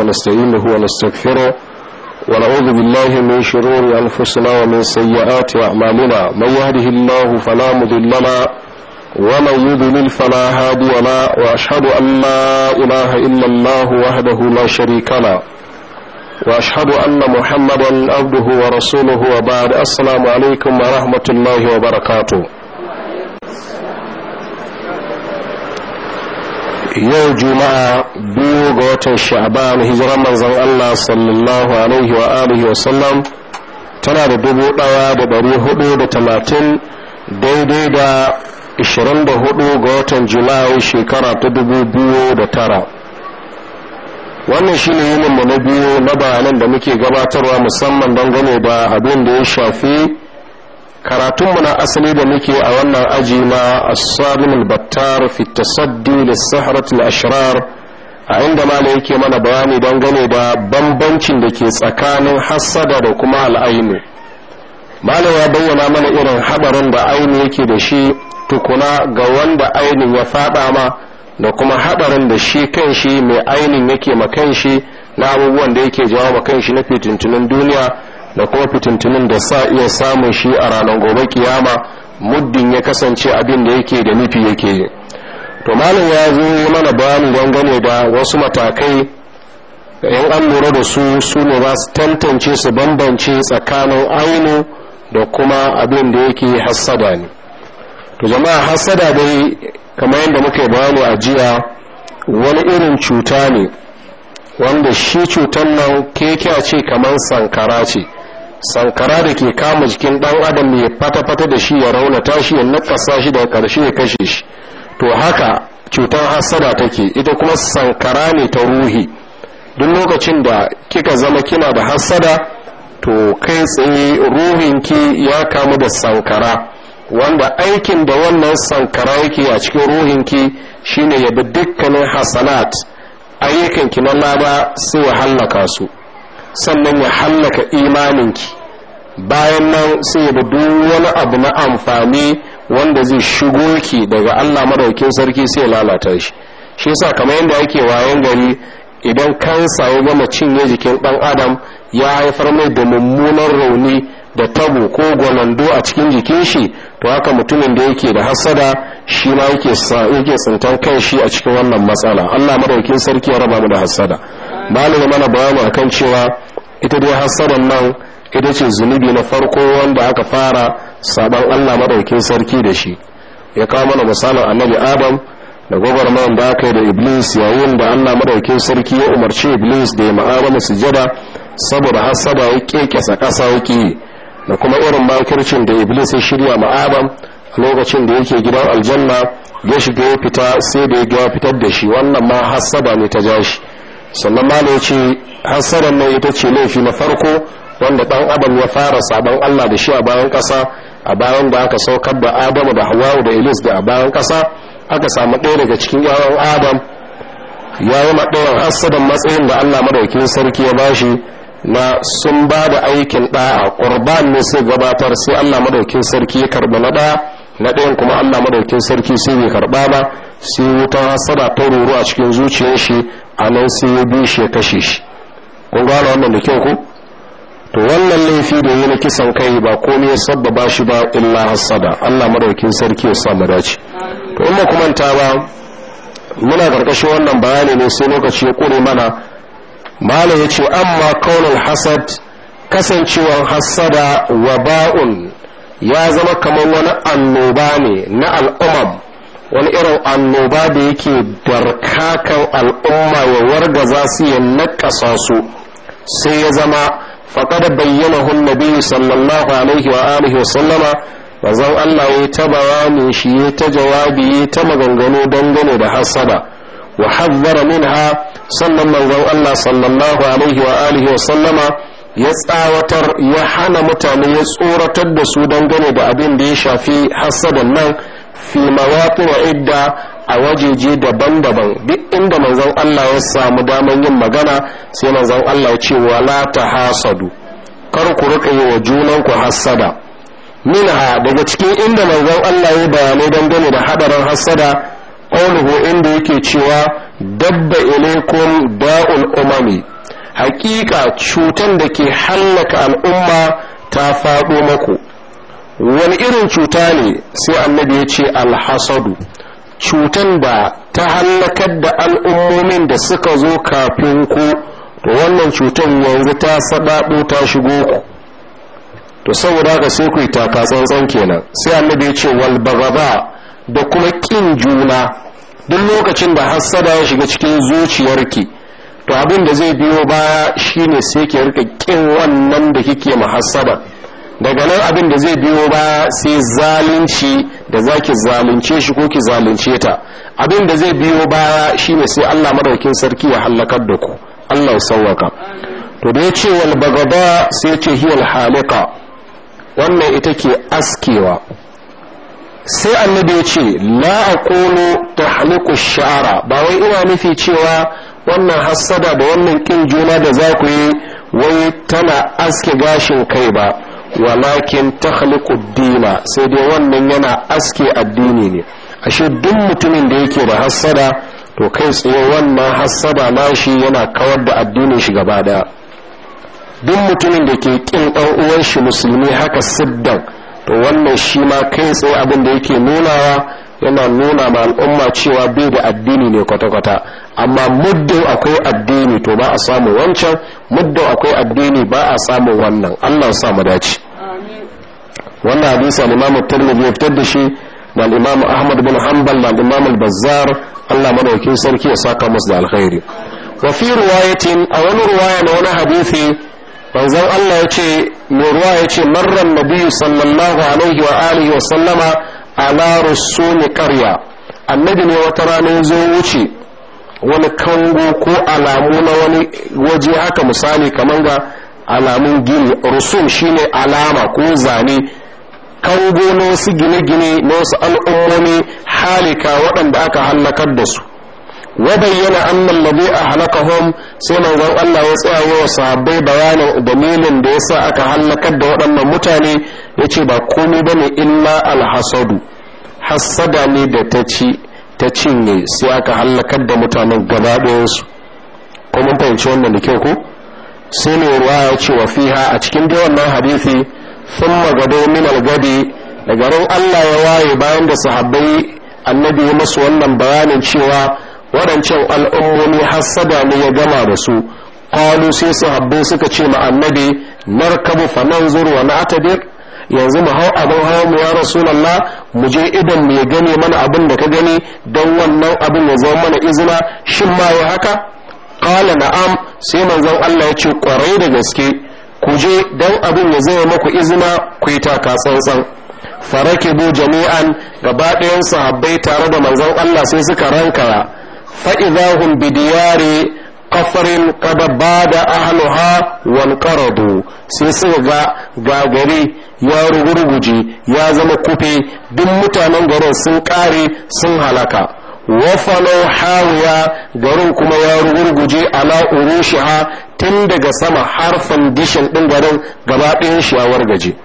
ونستعينه ونستغفره ونعوذ بالله من شرور أنفسنا ومن سيئات أعمالنا من يهده الله فلا مضل ومن يضلل فلا هادي وأشهد أن لا إله إلا الله وحده لا شريك له وأشهد أن محمدا عبده ورسوله وبعد السلام عليكم ورحمة الله وبركاته yau juma'a biyu ga watan sha'ban hijiran manzon Allah sallallahu alaihi wa alihi wa sallam tana da dubu ɗaya da ɗari hudu da talatin daidai da ishirin da hudu ga watan julai shekara ta dubu biyu da tara wannan shi ne yininmu na biyu na bayanan da muke gabatarwa musamman dangane da abin da ya shafi karatunmu na asali da muke a wannan aji na asabin albattar fi tasaddi da al ashrar a inda mala yake mana bayani don gane da bambancin da ke tsakanin hassada da kuma al'ainu Malama ya bayyana mana irin haɗarin da aini yake da shi tukuna ga wanda ainin ya faɗa ma da kuma haɗarin da shi kanshi mai ainin yake ma kanshi na abubuwan da yake jawo ma kanshi na fitintunan duniya da kuma fitintunin da sa iya samun shi a ranar gobe kiyama muddin ya kasance abin da yake da nufi yake yi to malam ya zo mana bayani dangane da wasu matakai yan an lura da su su ne ba su tantance su bambance tsakanin ainu da kuma abin da yake hassada ne to jama'a hassada dai kamar yadda muka bayani a jiya wani irin cuta ne wanda shi cutar nan keke ce kamar sankara ce sankara da ke kama jikin ɗan adam ya fata-fata da shi ya rauna tashi ya nakasa shi daga ƙarshe ya kashe shi to haka cutar hassada take ita kuma sankara ne ta ruhi duk lokacin da kika zama kina da hassada to kai tsaye ruhinki ya kamu da sankara wanda aikin da wannan sankara yake a cikin ruhinki shine ya bi dukkanin hasanat ayyukanki na laba sai ya hallaka su sannan ya hallaka imaninki bayan nan sai ya duk wani abu na amfani wanda zai shigo ki daga Allah madaukin sarki sai lalata shi shi yasa kamar yadda ake wayan gari idan kansa ya gama cinye jikin dan adam ya haifar mai da mummunan rauni da tabo ko gwalando a cikin jikin shi to haka mutumin da yake da hasada shi ma yake yake tsintan kan shi a cikin wannan matsala Allah madaukin sarki ya raba mu da hasada malama mana bayanu akan cewa ita dai hasadan nan ita ce zunubi na farko wanda aka fara sabon allah madaukin sarki da shi ya kawo mana misalin annabi adam da gwagwarmayan da aka yi da iblis yayin da allah madaukin sarki ya umarci iblis da ya masu sujada saboda hasada ya kekesa ƙasa yake da kuma irin makircin da iblis ya shirya a lokacin da yake gidan aljanna ya shiga ya fita sai da ya ga fitar da shi wannan ma hasada ne ta jashi sannan malo ya ce hasaran nan ita ce laifi na farko wanda dan adam ya fara sabon Allah da shi a bayan kasa a bayan da aka saukar da Adamu da Hawwa da ilis da a bayan kasa aka samu ɗaya daga cikin yawon Adam ya yi maɗayan hassadan matsayin da Allah madaukin sarki ya bashi na sun ba da aikin ɗaya ƙurban ne sai gabatar sai Allah madaukin sarki ya karɓi na ɗaya na ɗayan kuma Allah madaukin sarki sai bai karɓa ba sai wutan hasada ta ruru a cikin zuciyar shi a nan sai ya bi shi ya kashe shi kun gane wannan da kyau ko to wannan laifi da yi na kisan kai ba komai ya sabbaba shi ba illa hasada Allah madaukin sarki ya sa mu dace to in kuma manta ba muna karkashin wannan bayani ne sai lokaci ya kore mana malam ya ce amma kaunin hasad kasancewar hasada wa ba'un ya zama kamar wani annoba ne na al'umam wani irin annoba da yake barkakan al'umma ya warga za su ya nakasa su sai ya zama faƙada bayyana hunnabi sallallahu alaihi wa alihi wa sallama manzon Allah ya ta bayanin shi ya ta jawabi ya ta maganganu dangane da hasada wa hazzara minha sannan manzon Allah sallallahu alaihi wa alihi wa sallama ya tsawatar ya hana mutane ya tsoratar da su dangane da abin da ya shafi hasadan nan fi mawaƙi idda a wajeje daban-daban duk inda manzon Allah ya samu daman yin magana sai manzon Allah ya ce wala ta hasadu kar ku riƙa yi wa ku hassada minha daga cikin inda manzon Allah ya bayanai dangane da hadarin hassada qawluhu inda yake cewa dabba ilaykum da'ul umami hakika cutan da ke hallaka al'umma ta faɗo muku. wani irin cuta ne sai annabi ya ce alhasadu cutan da ta hallakar da al'ummomin da suka zo kafin ku to wannan cutan yanzu ta saɗaɗo ta shigo ku to saboda haka sai ku yi taka tsantsan kenan sai annabi ya ce wal da kuma ƙin juna duk lokacin da hassada ya shiga cikin zuciyarki to abin da zai biyo baya shine sai ki rika kin wannan da kike mahassaba daga nan abin da zai biyo ba sai zalunci da za ki zalunce shi ko ki zalunce ta abin da zai biyo ba shi ne sai allah madaukin sarki ya hallakar da ku allah ya sauwaka to da ya ce wal bagaba sai ce hiyal halika wannan ita ke askewa sai annabi ya ce la aqulu haliku sha'ara ba wai ina nufi cewa wannan hassada da wannan kin juna da za ku yi wai tana aske gashin kai ba walakin takhliqu dina sai dai wannan yana aske addini ne ashe duk mutumin da yake da hassada to kai tsaye wannan hassada nashi yana kawar da addinin shi gaba daya duk mutumin da ke kin dan uwan shi musulmi haka siddan to wannan shi ma kai tsaye abin da yake nunawa yana nuna ma al'umma cewa bai da addini ne kwata-kwata amma muddin akwai addini to ba a samu wancan muddin akwai addini ba a samu wannan allah sa mu dace wannan hadisi al-imam tirmidhi ya fitar da shi da al-imam ahmad bin hanbal da al-imam al-bazzar allah madaukin sarki ya saka musu da alkhairi wa fi riwayatin a wani riwaya na wani hadisi manzon allah ya ce mai ruwa ya ce marran nabiyyu sallallahu alaihi wa alihi wa sallama ala rusuli qarya annabi ne wata rana ya zo wuce wani kango ko alamu na wani waje haka misali kamar ga alamun gini rusum shine alama ko zane kango na wasu gine-gine na wasu al'ummomi halika waɗanda aka hallakar da su wa bayyana annal ladhi ahlakahum sai manzon Allah ya tsaya wa sahabbai bayanin dalilin da yasa aka halakar da waɗannan mutane yace ba komai bane illa alhasadu hassada ne da ta ci ta cinye sai aka hallakar da mutanen gaba ɗayansu ko mun fahimci wannan da kyau ko sai ne ruwa ya ce wa fiha a cikin dai wannan hadisi sun magado min algadi da garin Allah ya waye bayan da sahabbai annabi ya masu wannan bayanin cewa waɗancan al'ummomi hassada ne ya gama da su qalu sai sahabbai suka ce ma annabi narkabu fananzur wa na'tadir yanzu mu hau abin hawa mu ya rasulallah mu je idan mu ya gane mana abin da ka gani don wannan abin ya zama mana izina shin ma ya haka Kala na'am sai manzon Allah ya ce kwarai da gaske ku je don abin ya zama maku izina ku yi taka tsantsan farakibu jami'an gaba ɗayan sahabbai tare da manzon Allah sai suka rankara fa'idahum bidiyari kasar kada ba da ahaluha wal karadu sai suka ga gari ya rugurguje ya zama kufe duk mutanen garin sun ƙare sun halaka wafano hawiya garin kuma ya rugurguje ala urushiha tun daga sama har fandishin ɗin garin gaba ɗayan shawar gaje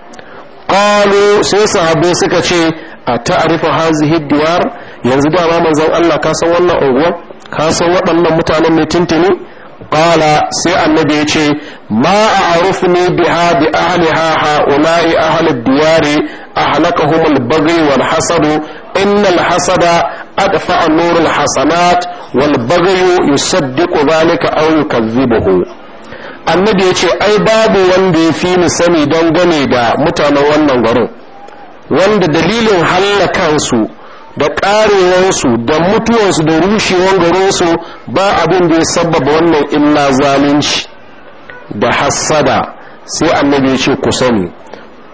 kalu sahabe suka ce a ta'arifa hazihi diwar yanzu dama manzon Allah kasan wannan unguwar ka san waɗannan mutanen ne tuntuni. qala sai annabi ce ma a'rufni biha bi ahliha ha'ula'i ahli diyari ahlakahum al-baghi wal hasad inna al-hasada adfa hasanat wal baghi yusaddiqu dhalika annabi ya ce ai babu wanda ya fi ni sani gane da mutanen wannan garin wanda dalilin hallakansu da karewarsu da mutuwarsu da rushewar garinsu ba abin da ya sabbaba wannan illa zalunci da hasada sai annabi ya ce ku sani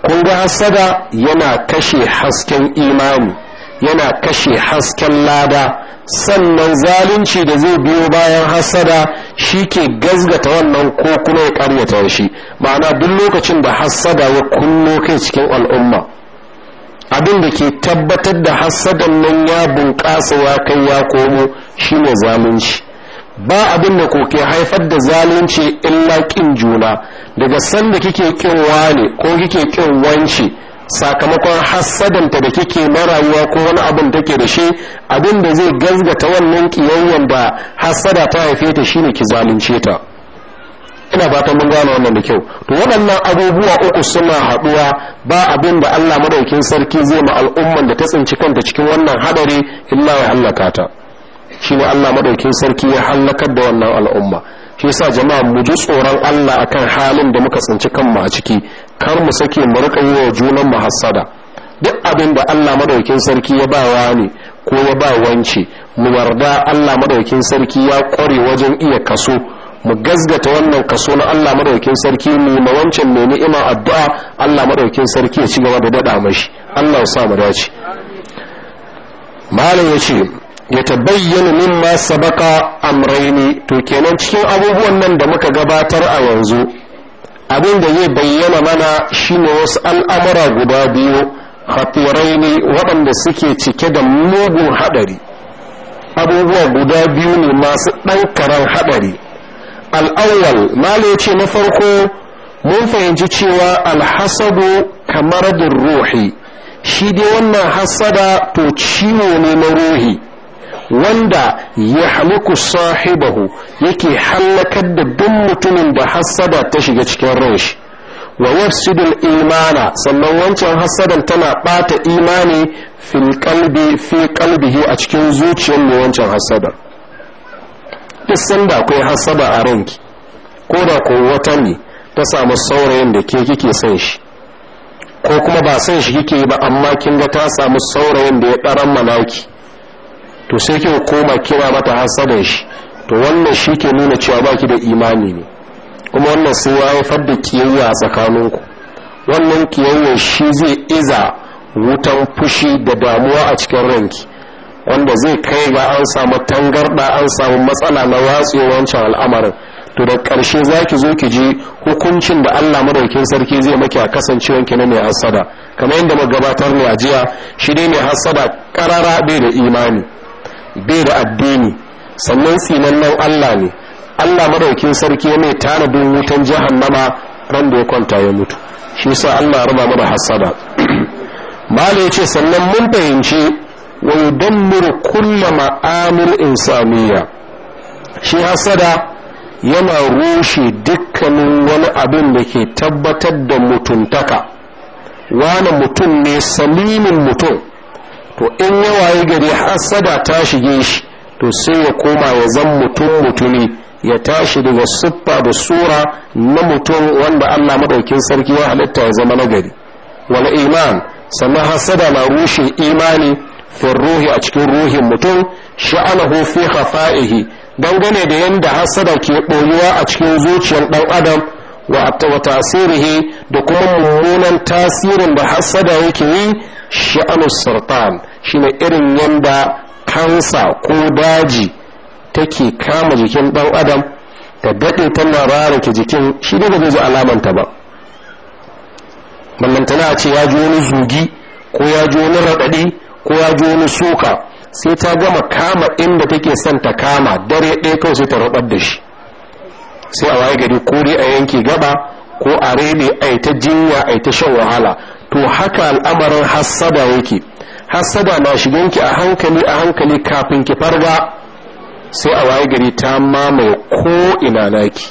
kun ga hassada yana kashe hasken imani yana kashe hasken lada sannan zalunci da zai biyo bayan hassada shi ke gazgata wannan ko kuma ya karyata shi ma'ana duk lokacin da hassada ya kunno kai cikin al'umma abin da ke tabbatar da hassadan nan ya bunƙasa ya kai ya komo shi ne zalunci ba abin da koke haifar da zalunci illa ƙin juna daga sanda kike kin wane ko kike kin wance sakamakon hassadanta da kike na rayuwa ko wani abin take da shi abin da zai gazgata wannan ƙiyayyen da hassada ta haife ta shine ki zalunce ta ina fatan mun gane wannan da kyau to waɗannan abubuwa uku suna haɗuwa ba abin da Allah madaukin sarki zai ma al'umman da ta tsinci kanta cikin wannan hadari illa ya hallaka ta shi ne Allah madaukin sarki ya hallakar da wannan al'umma shi yasa jama'a mu ji tsoron Allah akan halin da muka tsinci kanmu a ciki kar mu sake mu rika yi wa junan mu hassada duk abin da Allah madaukin sarki ya ba wa ne ko ya ba wance mu yarda Allah madaukin sarki ya kware wajen iya kaso mu gazgata wannan kaso na Allah madaukin sarki mu ma wancan mai ni'ima addu'a Allah madaukin sarki ya ci gaba da dada mashi Allah ya sa mu dace malam yace ya min mimma sabaka amraini to kenan cikin abubuwan nan da muka gabatar a yanzu abin da zai bayyana mana shine wasu al'amura guda biyu khatiraini waɗanda suke cike da mugun haɗari abubuwa guda biyu ne masu karen haɗari al'awwal malo ya ce na farko mun fahimci cewa alhasadu kamar da ruhi shi dai wannan hasada to ciwo ne na ruhi wanda ya haliku sahibahu yake hallakar da duk mutumin da hasada ta shiga cikin ranshi wa yafsidul imana sannan wancan hasadan tana ɓata imani fi kalbihi a cikin zuciyar mai wancan hasadar duk da akwai hasaba a ranki ko da ko wata ne ta samu saurayin da ke kike son shi ko kuma ba san shi kike ba amma kin ga ta samu saurayin da ya ɗaran malaki to sai kin koma kira mata hasadan shi to wannan shi ke nuna cewa baki da imani ne kuma wannan sai ya haifar da kiyayya a tsakaninku wannan kiyayya shi zai iza wutan fushi da damuwa a cikin ranki wanda zai kai ga an samu tangarda an samu matsala na watsewar wancan al'amarin to da ƙarshe za ki zo ki ji hukuncin da allah madaukin sarki zai maki a kasancewan ki na mai hassada kamar yadda gabatar ne a jiya shi ne mai hassada ƙarara bai da imani bai da addini sannan sinannen allah ne allah madaukin sarki ya mai tanadin wutan jahannama ran da ya kwanta ya mutu shi sa allah raba mana hassada mala ya ce sannan mun fahimci wa yudammiru kulla ma'amil insaniya shi hasada yana rushe dukkanin wani abin da ke tabbatar da mutuntaka wani mutum ne salimin mutum to in yawa yawaye gari hasada ta shige shi to sai ya koma ya zan mutum mutumi ya tashi daga siffa da sura na mutum wanda allah maɗaukin sarki ya halitta ya zama nagari wani iman sannan hasada na rushe imani fil ruhi a cikin ruhin mutum sha'anahu fi khafa'ihi dangane da yanda hasada ke ɓoyuwa a cikin zuciyar ɗan adam wa tasirihi da kuma mummunan tasirin da hasada yake yi sha'anu sartan shine irin yanda kansa ko daji take kama jikin ɗan adam ta daɗe tana rarake jikin shi ne zai alamanta ba ballantana a ce ya ji wani zugi ko ya ji wani raɗaɗi ko ya ji wani suka sai ta gama kama inda take son ta kama dare ɗaya kawai sai ta rubar da shi sai a waye gari ko dai a yanke gaba ko a rene a ta jinya a ta shan wahala to haka al'amarin hassada yake hassada na shiganki a hankali a hankali kafin ki farga sai a waye gari ta mamaye ko ina naki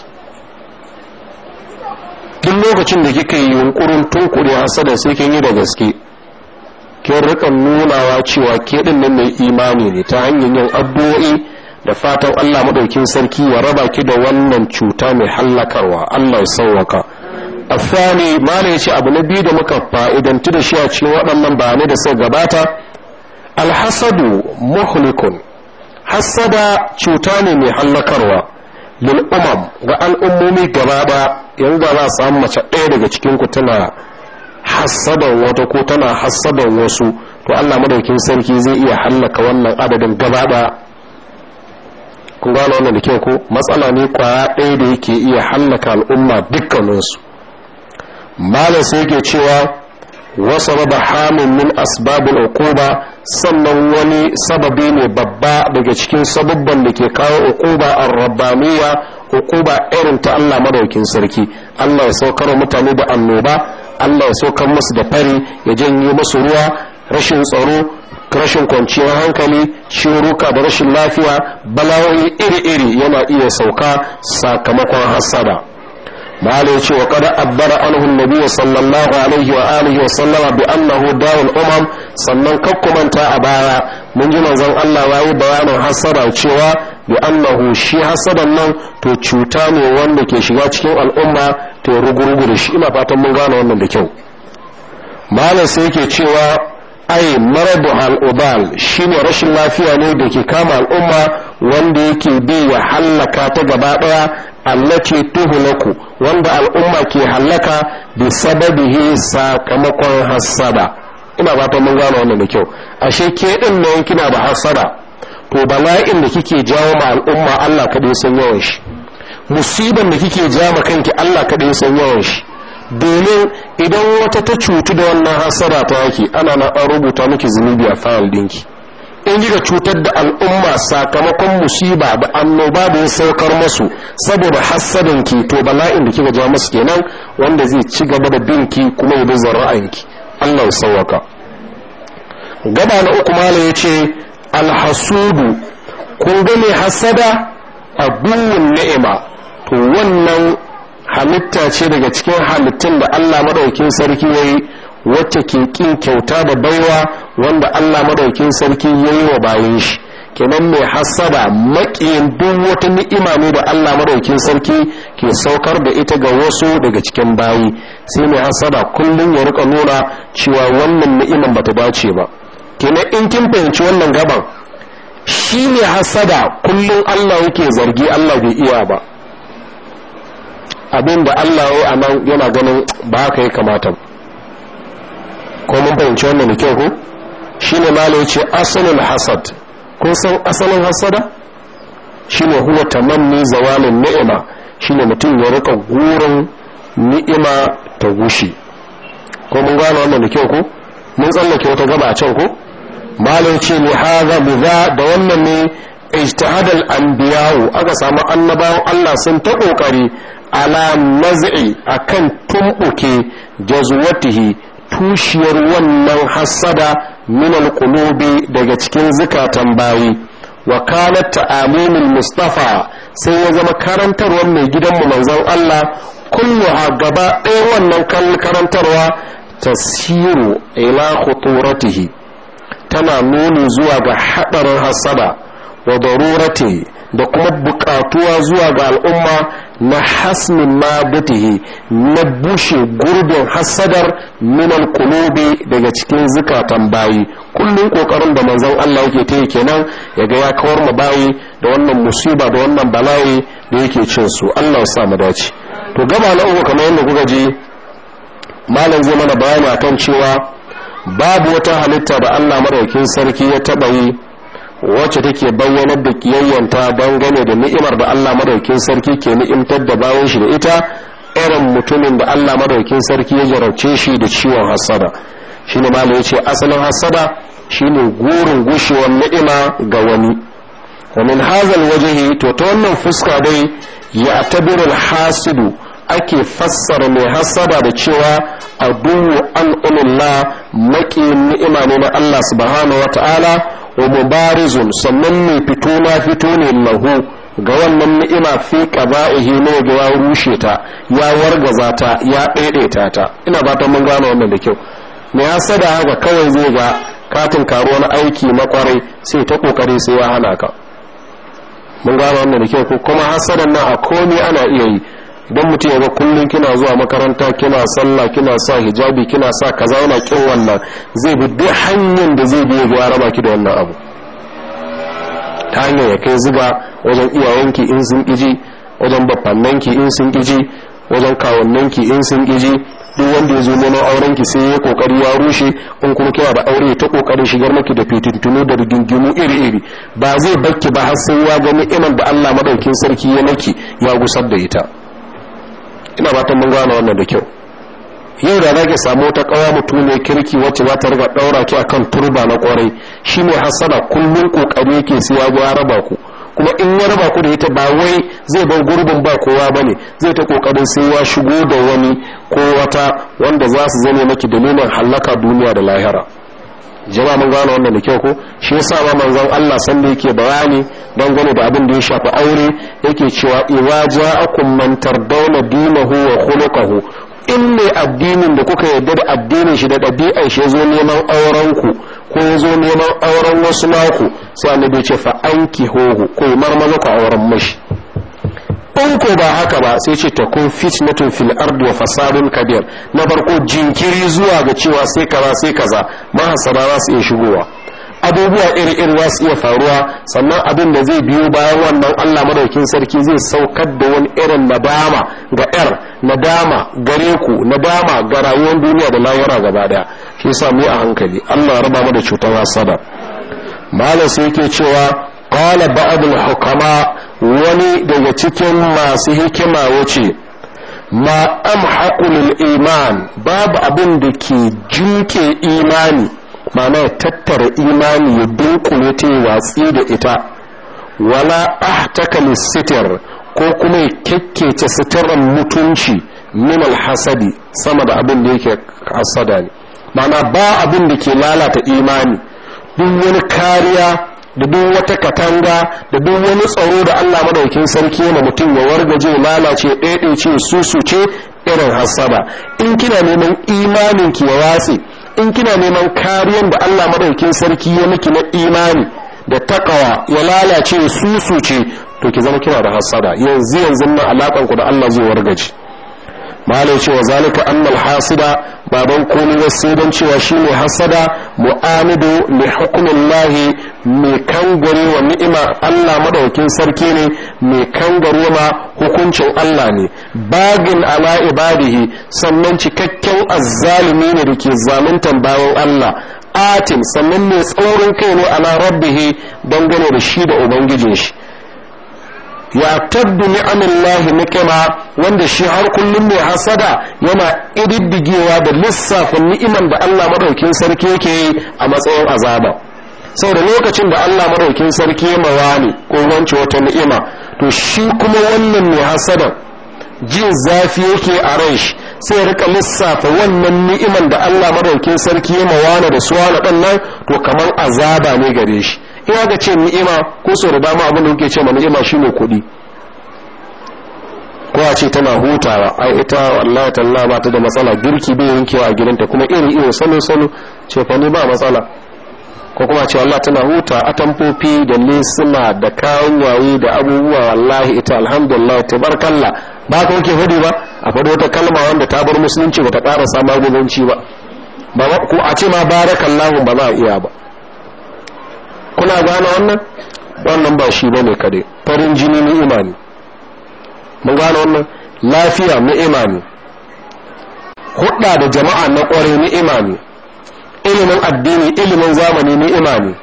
duk lokacin da kika yi yunkurin tunkuri hassada sai kin yi da gaske kin rika nunawa cewa ke din nan mai imani ne ta hanyar yin abubuwa da fatan Allah madaukin sarki ya raba ki da wannan cuta mai hallakarwa Allah ya sauwaka afani mala yace abu na biyu da muka fa'idantu da shi a cikin waɗannan bayanai da sai gabata alhasadu muhlikun hasada cuta ne mai hallakarwa lil umam ga al'ummomi gaba ɗaya yanzu za a samu mace ɗaya daga cikin ku tana hassadan wata ko tana hassadan wasu to Allah madaukin sarki zai iya hallaka wannan adadin gaba da kun gano wannan da kyau ko matsala ne kwaya ɗaya da yake iya hallaka al'umma dukkaninsu malam sai yake cewa wasu raba hamin min asbabul uquba sannan wani sababi ne babba daga cikin sababban da ke kawo uquba ar rabbaniya uquba irin ta Allah madaukin sarki Allah ya saukar mutane da annoba Allah ya sokan musu da fari ya janye musu ruwa rashin tsaro rashin kwanciyar hankali ciwuruka da rashin lafiya bala'o'i iri-iri yana iya sauka sakamakon hasada malai ya ce wa kada abbara anhum nabiyyu sallallahu alaihi wa alihi wa sallama bi annahu dawul umam sannan kakkumanta a baya mun ji manzon Allah yayi bayanin hasada cewa bi annahu shi hasadan nan to cuta ne wanda ke shiga cikin al'umma to rugurugu da shi ina fatan mun gane wannan da kyau malam sai yake cewa ai maradu al'ubal shine rashin lafiya ne da ke kama al'umma wanda yake bi ya hallaka ta gaba daya allace tuhulaku wanda al'umma ke hallaka bi sababihi sakamakon hassada ina fatan mun gane wannan da kyau ashe ke din nan kina da hassada to bala'in da kike jawo ma al'umma Allah kaɗai sun yawan shi musiban da kike ja ma kanki Allah kaɗai san yawan shi domin idan wata ta cutu da wannan hasara ta yake ana na an rubuta miki zunubi a fayal dinki in kika cutar da al'umma sakamakon musiba da annoba da ya saukar masu saboda hassadan ki to bala'in da kika ja masu kenan wanda zai ci gaba da binki kuma ya bizar ra'ayinki Allah ya sauwaka gaba na uku mala ya ce alhasudu kun ga hasada hassada abuwun ni'ima to wannan halitta ce daga cikin halittun da allah maɗaukin sarki ya yi wacce ke kin kyauta da baiwa wanda allah maɗaukin sarki ya yi wa bayan shi kenan mai hassada maƙiyin duk wata ni'ima ne da allah maɗaukin sarki ke saukar da ita ga wasu daga cikin bayi sai mai hasada kullum ya rika nuna cewa wannan ni'iman bata dace ba kenan in kin fahimci wannan gaban shi ne hasada kullum allah yake zargi allah bai iya ba abin da Allah ya yi a nan yana ganin ba haka ya kamata ko mun fahimci wannan da kyau ko shi ne ya ce asalin hasad kun san asalin hasada ne huwa tamanni zawalin ni'ima ne mutum ya rika gurin ni'ima ta gushi ko mun gane wannan da kyau ko mun tsallake wata gaba a can ko malai ce ne haza za da wannan ne ijtihadal anbiya'u aka samu annabawan Allah sun ta kokari ala maz'i akan tumɓuke jazwatihi tushiyar wannan hassada min alqulubi daga cikin zukatan bayi wa ta aminin mustafa sai ya zama karantarwa mai gidanmu manzon Allah kullu a gaba ɗaya wannan karantarwa tasiru ila khuturatihi tana nuni zuwa ga haɗarin hassada wa darurati da kuma buƙatuwa zuwa ga al'umma na hasmin mabitihi na bushe gurbin hasadar minal kulobe daga cikin zukatan bayi kullum kokarin da manzon Allah yake ta kenan ya ga ya kawar mu bayi da wannan musiba da wannan bala'i da yake cin su Allah ya sa mu dace to gaba na uku kamar yadda kuka ji malam zai mana bayani akan cewa babu wata halitta da Allah madaukin sarki ya taba yi wacce take bayyanar da kiyayyanta dangane da ni'imar da Allah madaukin sarki ke ni'imtar da bayan shi da ita irin mutumin da Allah madaukin sarki ya jarabce shi da ciwon hasada shine malai yace asalin hasada shine gurin gushewar ni'ima ga wani wa min hazal wajhi to ta wannan fuska dai ya tabiru hasidu ake fassara mai hasada da cewa abu an ulullah maki ni'ima ne na Allah subhanahu wa wa mubarizun sannan mai fito na fito ne lahu ga wannan ni'ima fi qada'ihi ne ga ya rushe ta ya wargaza ta ya daidaita ta ina fatan mun gane wannan da kyau me ya sada haka kawai zai ga katin karuwa na aiki makwarai sai ta kokari sai ya hana ka mun gane wannan da kyau kuma hasadan nan a komai ana iya yi don mutum yaga kullum kina zuwa makaranta kina sallah kina sa hijabi kina sa kaza yana kin wannan zai bi duk hanyar da zai biyo ya raba ki da wannan abu ta hanyar ya kai zuba wajen iyayenki in sun kiji wajen bafannanki in sun kiji wajen kawannanki in sun kiji duk wanda ya zo neman auren ki sai ya kokari ya rushe in kuma kina da aure ta kokarin shigar maki da fitintunu da rigingimu iri iri ba zai bakki ba har sai ya ga ni'imar da Allah madaukin sarki ya maki ya gusar da ita ina ba ta mun gane wannan da kyau yau da za ki samu wata ƙawa mutu ne kirki wacce za ta riga daura ki akan turba na kwarai shi ne hassana kullum kokari yake su ya ya raba ku kuma in ya raba ku da ita ba wai zai bar gurbin ba kowa ba ne zai ta kokarin sai ya shigo da wani ko wata wanda za su zama maki dalilin hallaka duniya da lahira jama'a mun gano wannan da kyau ko shi yasa ba manzon Allah san sanda yake bayani gano da abin da ya shafi aure yake cewa iwa ja'akum man tardawna dinahu wa khuluquhu in ne addinin da kuka yarda da addinin shi da ɗabi'ar shi ya zo neman auren ku ko ya zo neman auren wasu naku sai annabi ce fa anki hohu ko marmaza ku auren mashi in ko ba haka ba sai ce ta kun fitnatun fil ardu wa fasadun kabir na farko jinkiri zuwa ga cewa sai kaza sai kaza mahasara za su iya shigowa abubuwa iri iri za su iya faruwa sannan abin da zai biyo bayan wannan Allah madaukin sarki zai saukar da wani irin nadama ga yar nadama gare ku nadama ga rayuwar duniya da lahira gaba daya shi sa mu a hankali Allah ya raba mu da cutar hasada malam sai yake cewa qala ba'd al-hukama wani daga cikin masu hikima wuce ma amhaqul iman babu abin da ke juke imani ma'ana ya tattara imani ya dunkule ta watsi da ita wala ahtakal sitir ko kuma ya kekkece sitirin mutunci min hasadi sama da abin da yake hasada ne ma'ana ba abin da ke lalata imani duk wani kariya da duk wata katanga da duk wani tsaro da Allah madaukin sarki yana mutum ya wargaje lalace ɗaiɗaice ce irin hasada in kina neman imanin ki ya watse in kina neman kariyan da Allah madaukin sarki ya miki na imani da takawa ya lalace ce to ki zama kina da hasada yanzu yanzu na alakan da Allah zai wargaje malai cewa zalika annal hasida baban don wasu don cewa shi ne hasada mu'amidu li hukumin lahi mai kangare wa ni'ima allah madaukin sarki ne mai kangare ma hukuncin allah ne bagin ala ibadihi sannan cikakken azzalumi ne da ke zaluntan bayan allah atin sannan mai tsaurin kai ne ala rabbihi dangane da shi da ubangijin shi ya tabbi ni'amallahi niqima wanda shi har kullum mai hasada yana ididdigewa da lissafin ni'iman da Allah madaukin sarki yake a matsayin azaba da lokacin da Allah madaukin sarki ya mawani ko wance wata ni'ima to shi kuma wannan mai hasada jin zafi yake a ran shi sai rika lissafa wannan ni'iman da Allah madaukin sarki ya mawani da suwa na nan to kamar azaba ne gare shi iwaga ce mi ima ko sau da dama abin da kuke ce ma ni ima shine kuɗi ko a ce tana hutawa ai ita wallahi talla ba ta da matsala girki bai yankewa a gidanta kuma irin irin salo salo ce fa ni ba matsala ko kuma ce wallahi tana huta atamfofi da nisima da kayan yayi da abubuwa wallahi ita alhamdulillah tabarakallah ba ka kuke fadi ba a fadi wata kalma wanda ta bar musulunci ba ta karasa magulunci ba ba ko a ce ma barakallahu ba za a iya ba kuna gane wannan wannan ba shi bane kadai farin jini ni imani mun gane wannan lafiya ni imani hudda da jama'a na kware ni imani ilimin addini ilimin zamani ni imani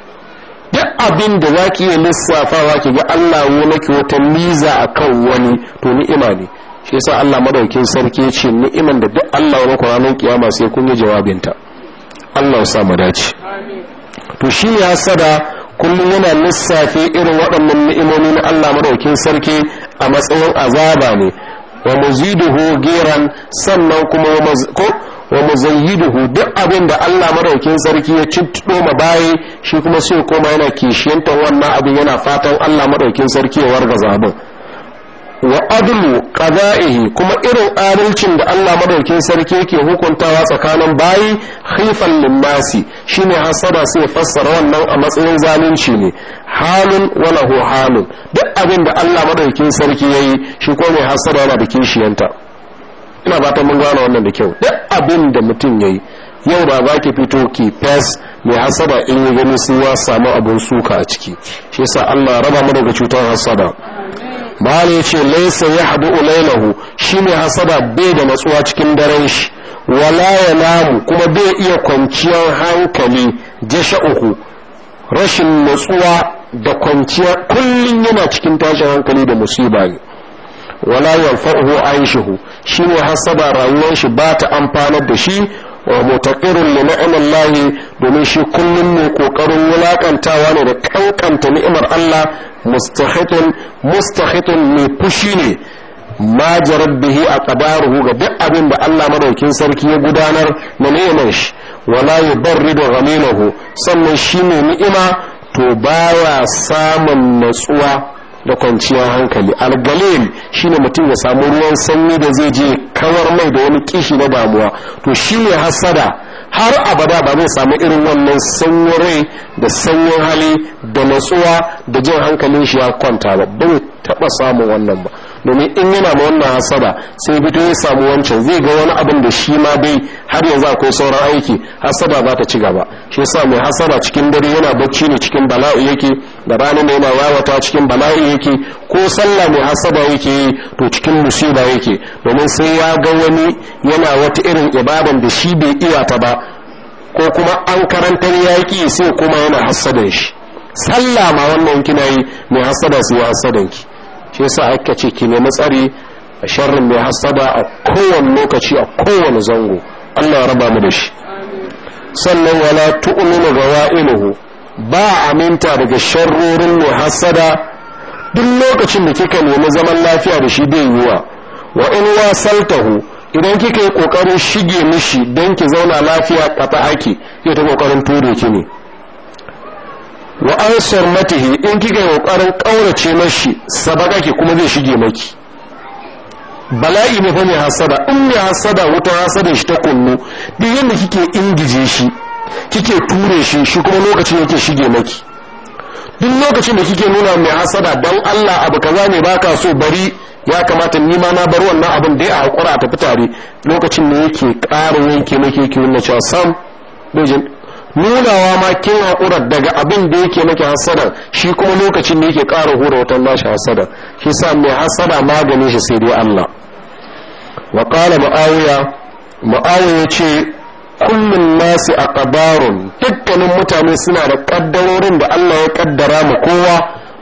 duk abin da za ki iya lissafawa ki ga Allah wani ki wata miza a wani to ni imani shi yasa Allah madaukin sarki ce ni'iman da duk Allah wani kiyama sai kun yi jawabinta Allah ya sa mu dace to shi ya sada. kullum yana lissafi irin waɗannan ni'imomi na Allah madaukin sarki a matsayin azaba ne wa muziduhu giran sannan kuma ko wa muzayyiduhu duk abin da Allah madaukin sarki ya cittudo ma baye shi kuma sai koma yana kishiyantar wannan abin yana fatan Allah madaukin sarki ya warga zabin wa adlu qada'ihi kuma irin adalcin da Allah madaukin sarki yake hukuntawa tsakanin bayi khifan linnasi shine hasada sai fassara wannan a matsayin zalunci ne halun wala halun duk abin da Allah madaukin sarki yayi shi ko mai hasada yana da kishiyanta ina ta mun gane wannan da kyau duk abin da mutum yayi yau da za ki fito ki fes mai hasada in ya gani su ya samu abin suka a ciki shi yasa Allah raba mu daga cutar hasada bala ce laisa ya habu ulailahu shi ne hasada bai da matsuwa cikin daren shi wala ya namu kuma bai iya kwanciyar hankali jasha uku rashin matsuwa da kwanciyar kullum yana cikin tashin hankali da musiba ne wala yanfa'uhu aishuhu shi ne hasada rayuwar shi ba ta amfanar da shi wa mutaqirrun li ni'amillahi domin shi kullum mai kokarin wulaƙantawa ne da ƙanƙanta ni'imar Allah mustahitun mustahitun mai fushi ne ma jarab bihi aqdaruhu ga duk abin da Allah madaukin sarki ya gudanar na ni'imar shi wala yubarridu ghaminahu sannan shi ne ni'ima to baya samun natsuwa da kwanciyar hankali algalil shine mutum ya samu ruwan sanyi da zai je kawar mai da wani kishi na damuwa to shi shine hasada har abada ba zai samu irin wannan sanyin rai da sanyin hali da natsuwa da jin hankalin shi ya kwanta ba bai taba samun wannan ba domin in yana ma wannan hasada sai fito ya samu wancan zai ga wani abin da shi ma dai har yanzu akwai sauran aiki hasada za ta ci gaba shi yasa mai hasada cikin dare yana bacci ne cikin bala'i yake da ranar da yana yawata cikin bala'i yake ko sallah mai hasada yake yi to cikin musiba yake domin sai ya ga wani yana wata irin ibadan da shi bai iya ta ba ko kuma an karantar yaƙi sai kuma yana hasadan shi sallah ma wannan kina yi mai hasada su yi hasadan ki shi yasa aka ce ki nemi tsari a sharrin mai hasada a kowane lokaci a kowane zango Allah raba mu da shi sannan wala tu'minu gawa'inuhu ba aminta daga sharrorin mai hasada duk lokacin da kika nemi zaman lafiya da shi bai yiwa wa in wasaltahu idan kika yi kokarin shige mishi don ki zauna lafiya kafa haki yau ta kokarin ture ki ne wa an sarmatihi in kika yi kokarin ƙaurace mashi sabaka ki kuma zai shige maki bala'i ne fa mai hasada in mai hasada wuta hasada shi ta kullu duk yadda kike ingije shi kike ture shi shi kuma lokacin yake shige maki duk lokacin da kike nuna mai hasada dan Allah abu kaza ne baka so bari ya kamata ni ma na bar wannan abin da ya hakura a tafi tare lokacin ne yake ƙara yanke maki yake nuna cewa sam nunawa ma kin haƙurar daga abin da yake maki hasada shi kuma lokacin da yake ƙara hura wutan nashi hasada shi sa mai hasada maganin shi sai dai Allah wa qala muawiya muawiya ce kullun nasi aqdarun dukkanin mutane suna da ƙaddarorin da Allah ya kaddara ma kowa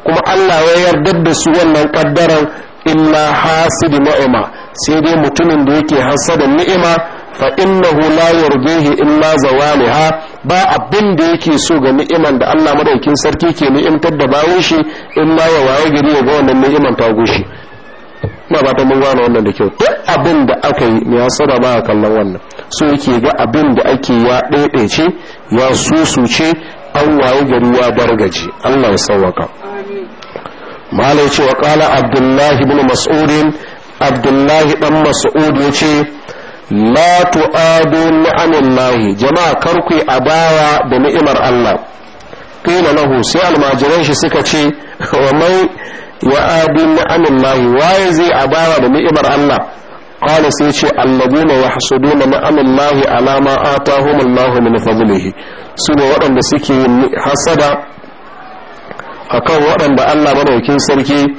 kuma Allah ya yarda da su wannan ƙaddarar illa hasidi ni'ima sai dai mutumin da yake hasada ni'ima fa innahu la yurdihi illa zawaliha ba abin da yake so ga ni'iman da Allah madaukin sarki ke ni'imtar da bayan shi in ma ya waye gari ya ga wannan ni'iman ta gushi ina ba ta mun gano wannan da kyau duk abin da aka yi ne ya sada ba kallon wannan so yake ga abin da ake ya ɗaiɗaice ya susuce an waye gari ya dargaje Allah ya sauwaka malai ce wa qala abdullahi ibn mas'ud abdullahi dan mas'ud yace la tu'adu ni'amallahi jama'a karku adawa da ni'imar Allah qila lahu sai almajiran shi suka ce wa mai ya'adu ni'amallahi waye zai adawa da ni'imar Allah qala sai ce alladuna yahsuduna ni'amallahi ala ma atahum Allah min fadlihi su ne waɗanda suke hasada akan waɗanda Allah madaukin sarki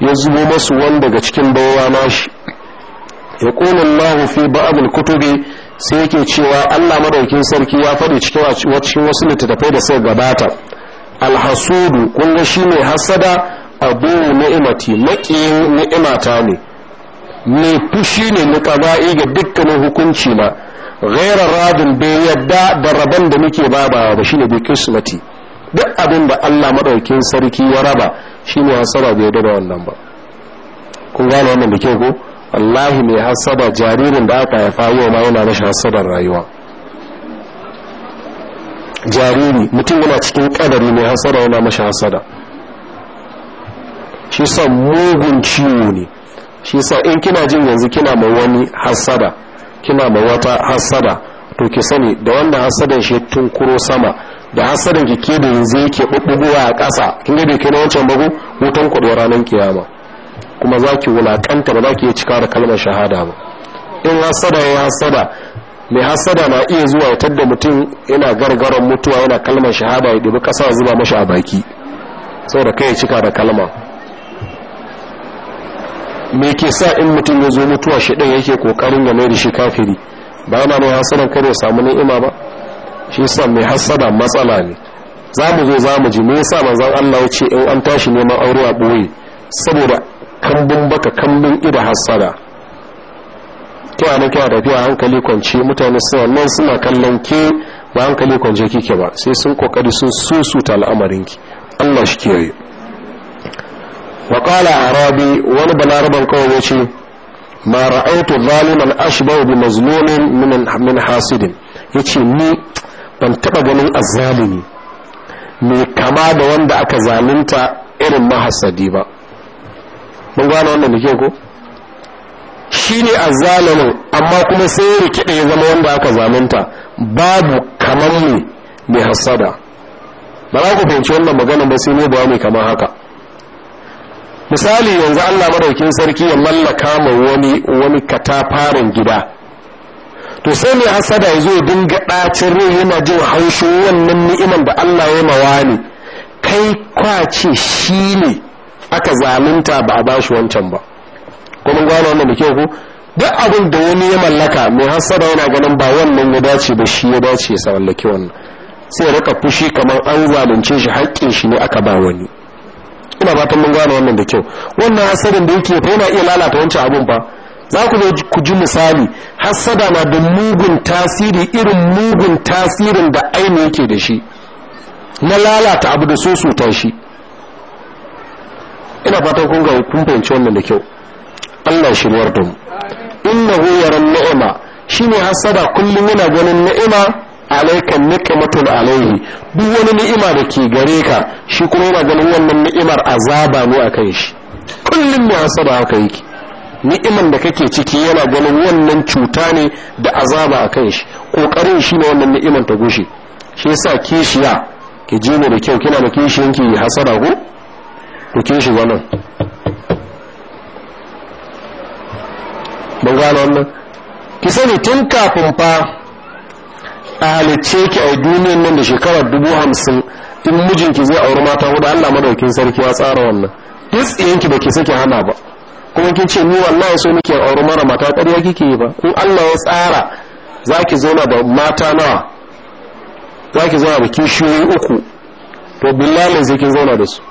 ya zubo masu wani daga cikin bawa nashi yaqulu Allah fi ba'd kutubi sai yake cewa Allah madaukin sarki ya faɗi cikin wasu littattafai da sai gabata alhasudu kun ga shine hasada abu ni'imati maƙiyin ni'imata ne mai fushi ne na ƙaza'i ga dukkanin hukunci na ghairar radin bai yadda da rabon da muke babawa ba shine bi kismati duk abin da Allah madaukin sarki ya raba shine hasara bai yadda da wannan ba kun gane wannan da kyau ko wallahi mai hassada jaririn da aka haifa yau ma yana rashin hasadar rayuwa jariri mutum yana cikin kadari mai hassada yana mashi hassada shi sa mugun ciwo ne shi sa in kina jin yanzu kina ma wani hassada kina ma wata hassada to ki sani da wannan hassadan shi tun kuro sama da hassadan ki ke da yanzu yake bubbugowa a ƙasa kin ga bai kai na wancan bago wutan kwadwa ranar kiyama kuma za ki wulaƙanta ba za ki iya cika da kalmar shahada ba in hasada ya hasada mai hasada na iya zuwa ya tadda mutum yana gargaran mutuwa yana kalmar shahada ya dubi ƙasa zuba mashi a baki saboda kai ya cika da kalma me ke sa in mutum ya zo mutuwa shi ɗaya yake ƙoƙarin ya mai da shi kafiri ba yana mai hasadan kar ya samu ni'ima ba shi sa mai hasada matsala ne za mu zo za mu ji me yasa manzon Allah ya ce in an tashi neman aure a ɓoye saboda kambun baka kambun ida hassada kina na kina tafiya hankali kwance mutane suna nan suna kallon ke ba hankali kwance kike ba sai sun kokari sun susuta ki Allah shi yi wa qala arabi wani balaraban kawai ya ma ra'aytu zaliman ashbahu bi mazlumin min min hasidin yace ni ban taba ganin azzalimi mai kama da wanda aka zalunta irin mahasadi ba mun gane wannan da ke ko shi ne azzalimin amma kuma sai ya rikida ya zama wanda aka zamunta babu kamar ne mai hasada ba za ku fahimci wannan magana ba sai ne ba mai kamar haka misali yanzu allah madaukin sarki ya mallaka ma wani wani katafarin gida to sai mai hasada ya zo dinga ɗacin rai yana jin haushin wannan ni'iman da allah ya mawa ne kai kwace shi ne aka zalunta ba a bashi wancan ba kuma gano wannan da kyau ko duk abin da wani ya mallaka mai hasara yana ganin ba wannan ya dace ba shi ya dace ya mallaki wannan sai ya rika fushi kamar an zalunce shi haƙƙin shi ne aka ba wani ina ta mun gano wannan da kyau wannan hasarin da yake fa yana iya lalata wancan abin ba za ku zo ku ji misali hasada na da mugun tasiri irin mugun tasirin da aini yake da shi na lalata abu da so su tashi ina fatan kun ga kun fahimci wannan da kyau Allah shi inna hu yaran ni'ima shine hasada kullum yana ganin ni'ima alaikan niqmatun alayhi duk wani ni'ima da ke gare ka shi kuma yana ganin wannan ni'imar azaba ne akan shi kullum ne hasada haka yake ni'iman da kake ciki yana ganin wannan cuta ne da azaba akan shi kokarin shi ne wannan ni'iman ta gushe shi yasa kishiya ki ji da kyau kina da kishiyanki hasada ko to shiga nan ban gano wannan ki sani tun kafin fa a halicce ki a duniyan nan da shekarar dubu hamsin in mijinki zai auri mata hudu allah madaukin sarki ya tsara wannan tsiyanki ba ki sake hana ba kuma kin ce ni wallahi so nake auri mara mata ƙarya kike ba ku allah ya tsara za ki zauna da mata nawa za ki zauna da kishiyoyi uku to billahi zai kin zauna da su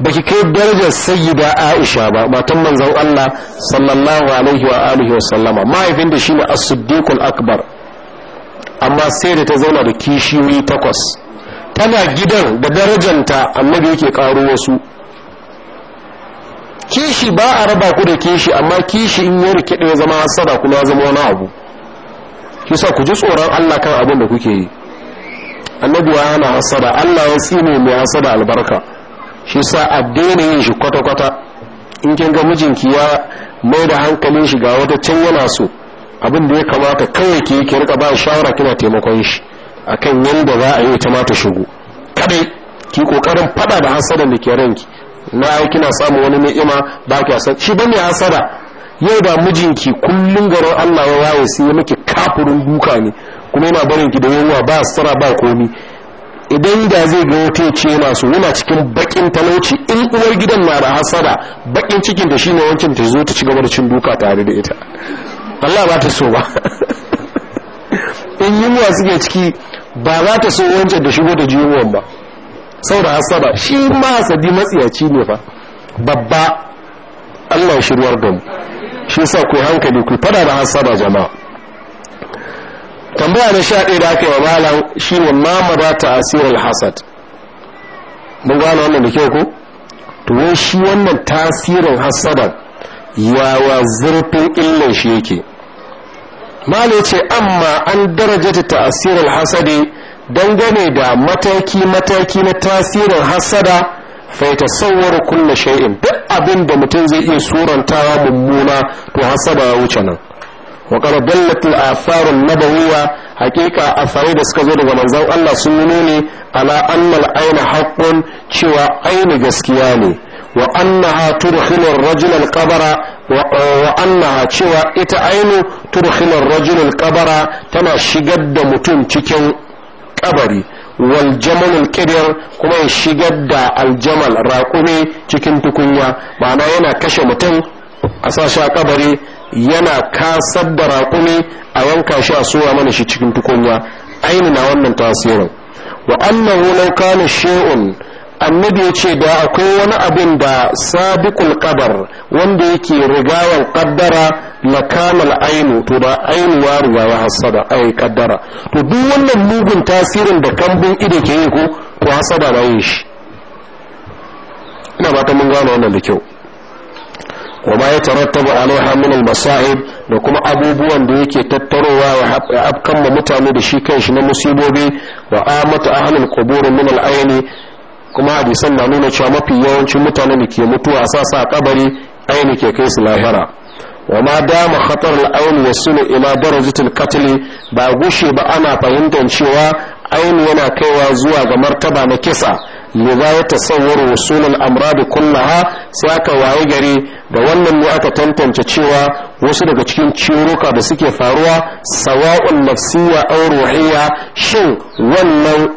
ba ki kai darajar sayyida aisha ba matan manzon Allah sallallahu alaihi wa alihi wa sallama mahaifin da shine as-siddiq akbar amma sai da ta zauna da kishiyoyi takwas tana gidan da darajanta annabi yake karo wasu kishi ba a raba ku da kishi amma kishi in ya rike ya zama hasada kuma ya zama wani abu kisa ku ji tsoron Allah kan abin da kuke yi annabi ya hana hasada Allah ya tsine mai hasada albarka shi sa a daina yin shi kwata-kwata in kin ga mijinki ya mai da hankalin shi ga wata can yana so abin da ya kamata kawai ki ki rika ba shawara kina taimakon shi akan yanda za a yi ta mata shigo kadai ki kokarin fada da hasadan da ke ranki na ai kina samu wani ni'ima ba ki hasada shi bane hasada yau da mijinki kullun garin Allah ya waye sai miki kafurin duka ne kuma yana barin ki da yunwa ba sara ba komi idan da zai ga wata ce masu wuna cikin bakin talauci in uwar gidan na da hasada bakin cikin da shine wancan ta zo ta ci gaba da cin duka tare da ita Allah ba ta so ba in yi yunwa suke ciki ba za ta so wancan da shigo da jiyuwan ba sau da hasada shi ma sadi matsiyaci ne ba. babba Allah shirwar da mu shi sa ku hankali ku fada da hasada jama'a tambaya na sha ɗaya da aka yi wa malam shi ne mama ba ta asirar hasad mun gano wannan da kyau ko to wai shi wannan tasirin hasada yawa zurfin illan shi yake malam ce amma an darajata tasirin hasadi dangane da mataki-mataki na tasirin hasada fai ta sauwar kulle shay'in duk abin da mutum zai iya surantawa mummuna to hasada ya wuce nan wa qad dallat al-athar an-nabawiyya haqiqa asarai da suka zo daga manzon Allah sun nuno ne ala anna al cewa aini gaskiya ne wa annaha turkhilu ar-rajul al-qabara cewa ita ainu turkhilar rajulul tana shigar da mutum cikin kabari wal jamalul kuma ya shigar da aljamal raƙumi cikin tukunya ma'ana yana kashe mutum a sashi a yana kasar da raƙumi a yanka shi a soya mana shi cikin tukunya aini na wannan tasirin wa annahu law kana shay'un annabi ya ce da akwai wani abin da sabiqul qadar wanda yake rigawan qaddara la kana ainu to da ainu ya riga ya hasada ai qaddara to duk wannan mugun tasirin da kambun ido ke yi ko to hasada ba yin shi ina ba ta mun gano wannan da kyau wa ma ya tarattabu alaiha min al-masa'ib da kuma abubuwan da yake tattarowa wa afkan ma mutane da shi kanshi na musibobi wa amatu ahlul qubur min al-ayni kuma hadisan na nuna cewa mafi yawancin mutane da ke mutuwa a sa kabari aini ke kai su lahira wa ma dama khatar al-ayn yasulu ila darajati al-qatl ba gushe ba ana fahimtar cewa aini yana kaiwa zuwa ga martaba na kisa liza ya tasawwar wasulul amradi kullaha sai aka waye gari da wannan ne aka tantance cewa wasu daga cikin ciwuruka da suke faruwa sawa'un nafsiya aw ruhiyya shin wannan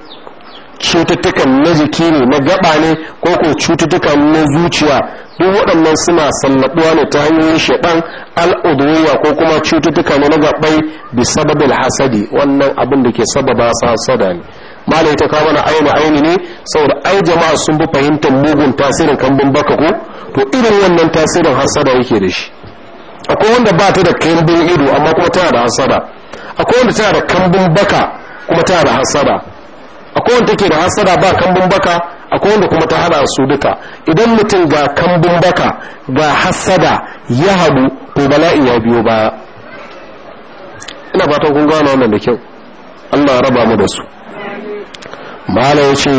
cututtukan na jiki ne na gaba ne ko ko cututtukan na zuciya duk waɗannan suna sallaɓuwa ne ta hanyoyin shaɗan al'udurwa ko kuma cututtuka na gaɓai bi sababil hasadi wannan abin da ke sababa sa sada ne malai ta kawo mana aini aini ne saboda ai jama'a sun bi fahimtar mugun tasirin kambun baka ko to irin wannan tasirin hasada yake da shi akwai wanda ba ta da kambun ido amma kuma tana da hasada akwai wanda tana da kambun baka kuma tana da hasada akwai wanda take da hasada ba kambun baka akwai wanda kuma ta hada su duka idan mutum ga kambun baka ga hasada ya hadu to bala'i ya biyo baya ina fatan kun gano wannan da kyau Allah ya raba mu da su mala ya ce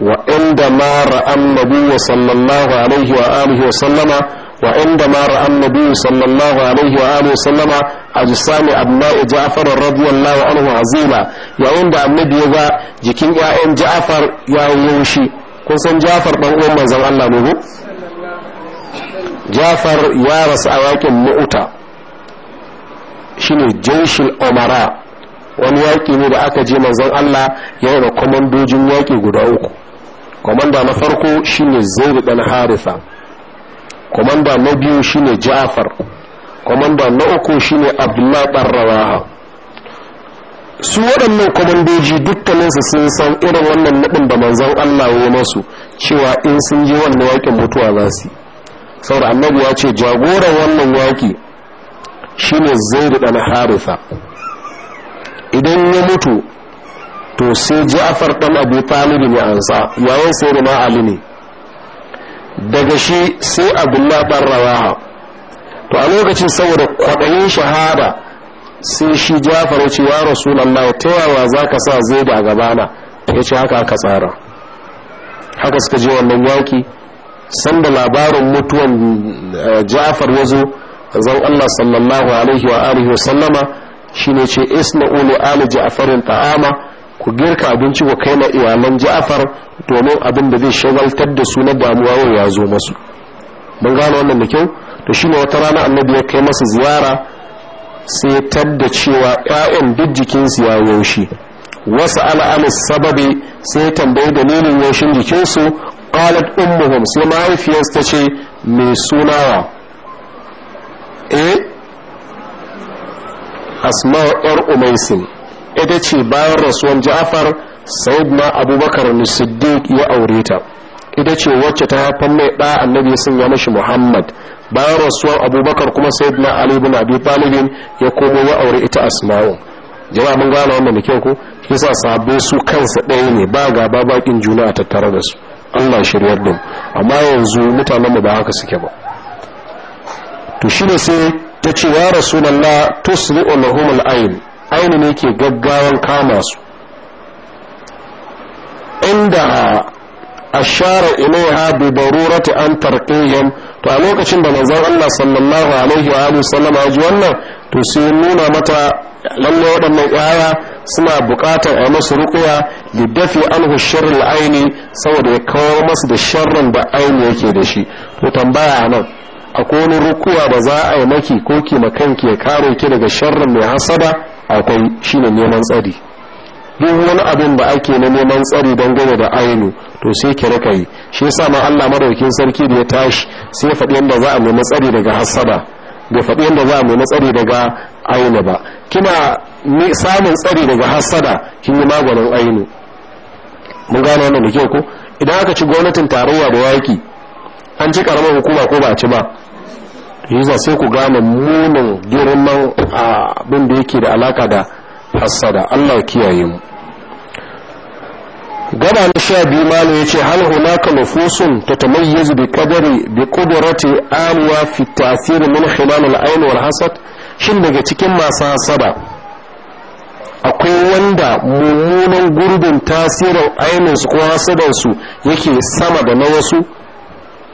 wa inda ma ra'an wa sallallahu alaihi wa alihi wa sallama wa inda ma ra'an nabiyyu sallallahu alaihi wa alihi wa sallama ajsami abna'i ja'far radiyallahu anhu azima yayin da annabi ya ga jikin 'ya'yan ja'afar ya yi kun san ja'afar dan uwan manzon Allah ne ko ja'far ya rasu a yakin mu'uta shine jaishul umara wani yaƙi ne da aka je manzon Allah yi da kwamandojin yaƙi guda uku kwamanda na farko shine zaidu ɗan harifa kwamanda na biyu shine ja'far kwamanda na uku shine abdullahi dan rawaha su waɗannan kwamandoji dukkaninsu sun san irin wannan naɗin da manzon Allah ya masu cewa in sun je wannan yaƙin mutuwa za su saboda annabi ya ce jagoran wannan yaƙi shine zaidu ɗan harifa idan ya mutu to sai ja'far dan abu talib ne ansa yayin sai ma ali ne daga shi sai abdullah dan rawaha to a lokacin saboda kwaɗayin shahada sai shi ja'far ya ce ya rasulullahi ta yawa zaka sa zai da gabana ya ce haka aka tsara haka suka je wannan yaki sanda labarin mutuwan eh, ja'far ya zo zan Allah sallallahu alaihi wa alihi wa sallama shine ce isma'u li ali ja'farin ta'ama ku girka abinci ku kai na iyalan ja'afar domin abin da zai shagaltar da su na damuwa yau ya zo masu mun gano wannan da kyau to shine wata rana annabi ya kai masu ziyara sai ya tadda cewa ƴaƴan duk jikinsu ya yaushe wasu al'amus sababi sai ya tambayi dalilin yaushin jikinsu qalat ummuhum sai mahaifiyarsu ta ce mai sunawa eh asma'u yar umaisin ita ce bayan rasuwan ja'far sayyidina abubakar siddiq ya aure ta ita ce wacce ta haifan mai ɗa annabi sun ya mashi muhammad bayan rasuwan abubakar kuma sayyidina ali bin abi talibin ya komo ya aure ita asma'u jama'a mun gane wannan da kyau ko yasa sabo su kansa ɗaya ne ba gaba bakin juna a tattare da su Allah shiryar din amma yanzu mutanen mu ba haka suke ba to shine sai ta ce ya rasulallah tusri'u lahum al-ayn aini ne ke gaggawan kama su inda ashara ilaiha bi darurati an tarqihim to a lokacin da manzon Allah sallallahu alaihi wa alihi sallama ya ji wannan to sai nuna mata lalle waɗannan ƙwaya suna buƙatar a masu ruƙuya dafi anhu sharrul aini saboda ya kawo masu da sharrin da aini yake da shi to tambaya nan akwai wani rukuwa da za a yi maki ko ki makanki ya kare ki daga sharrin mai hasada akwai shine neman tsari duk wani abin da ake na neman tsari don gane da ainu to sai ki raka yi shi yasa ma Allah madaukin sarki da ya tashi sai faɗi yadda za a nemi tsari daga hasada da faɗi yadda za a nemi tsari daga ainu ba kina samun tsari daga hasada kin yi maganin ainu mun gane wannan da kyau ko idan aka ci gwamnatin tarayya da yaki an ci karamar hukuma ko ba ci ba yasa sai ku gane munin girman abin da yake da alaka da hassada Allah kiyaye mu gaba na sha biyu malo ya ce hal hunaka nufusun ta tamayyazu bi kadari bi kudurati alwa fi ta'thir min khilal al-ayn wal hasad shin daga cikin masu hasada akwai wanda mummunan gurbin tasirin ainihin su ko yake sama da na wasu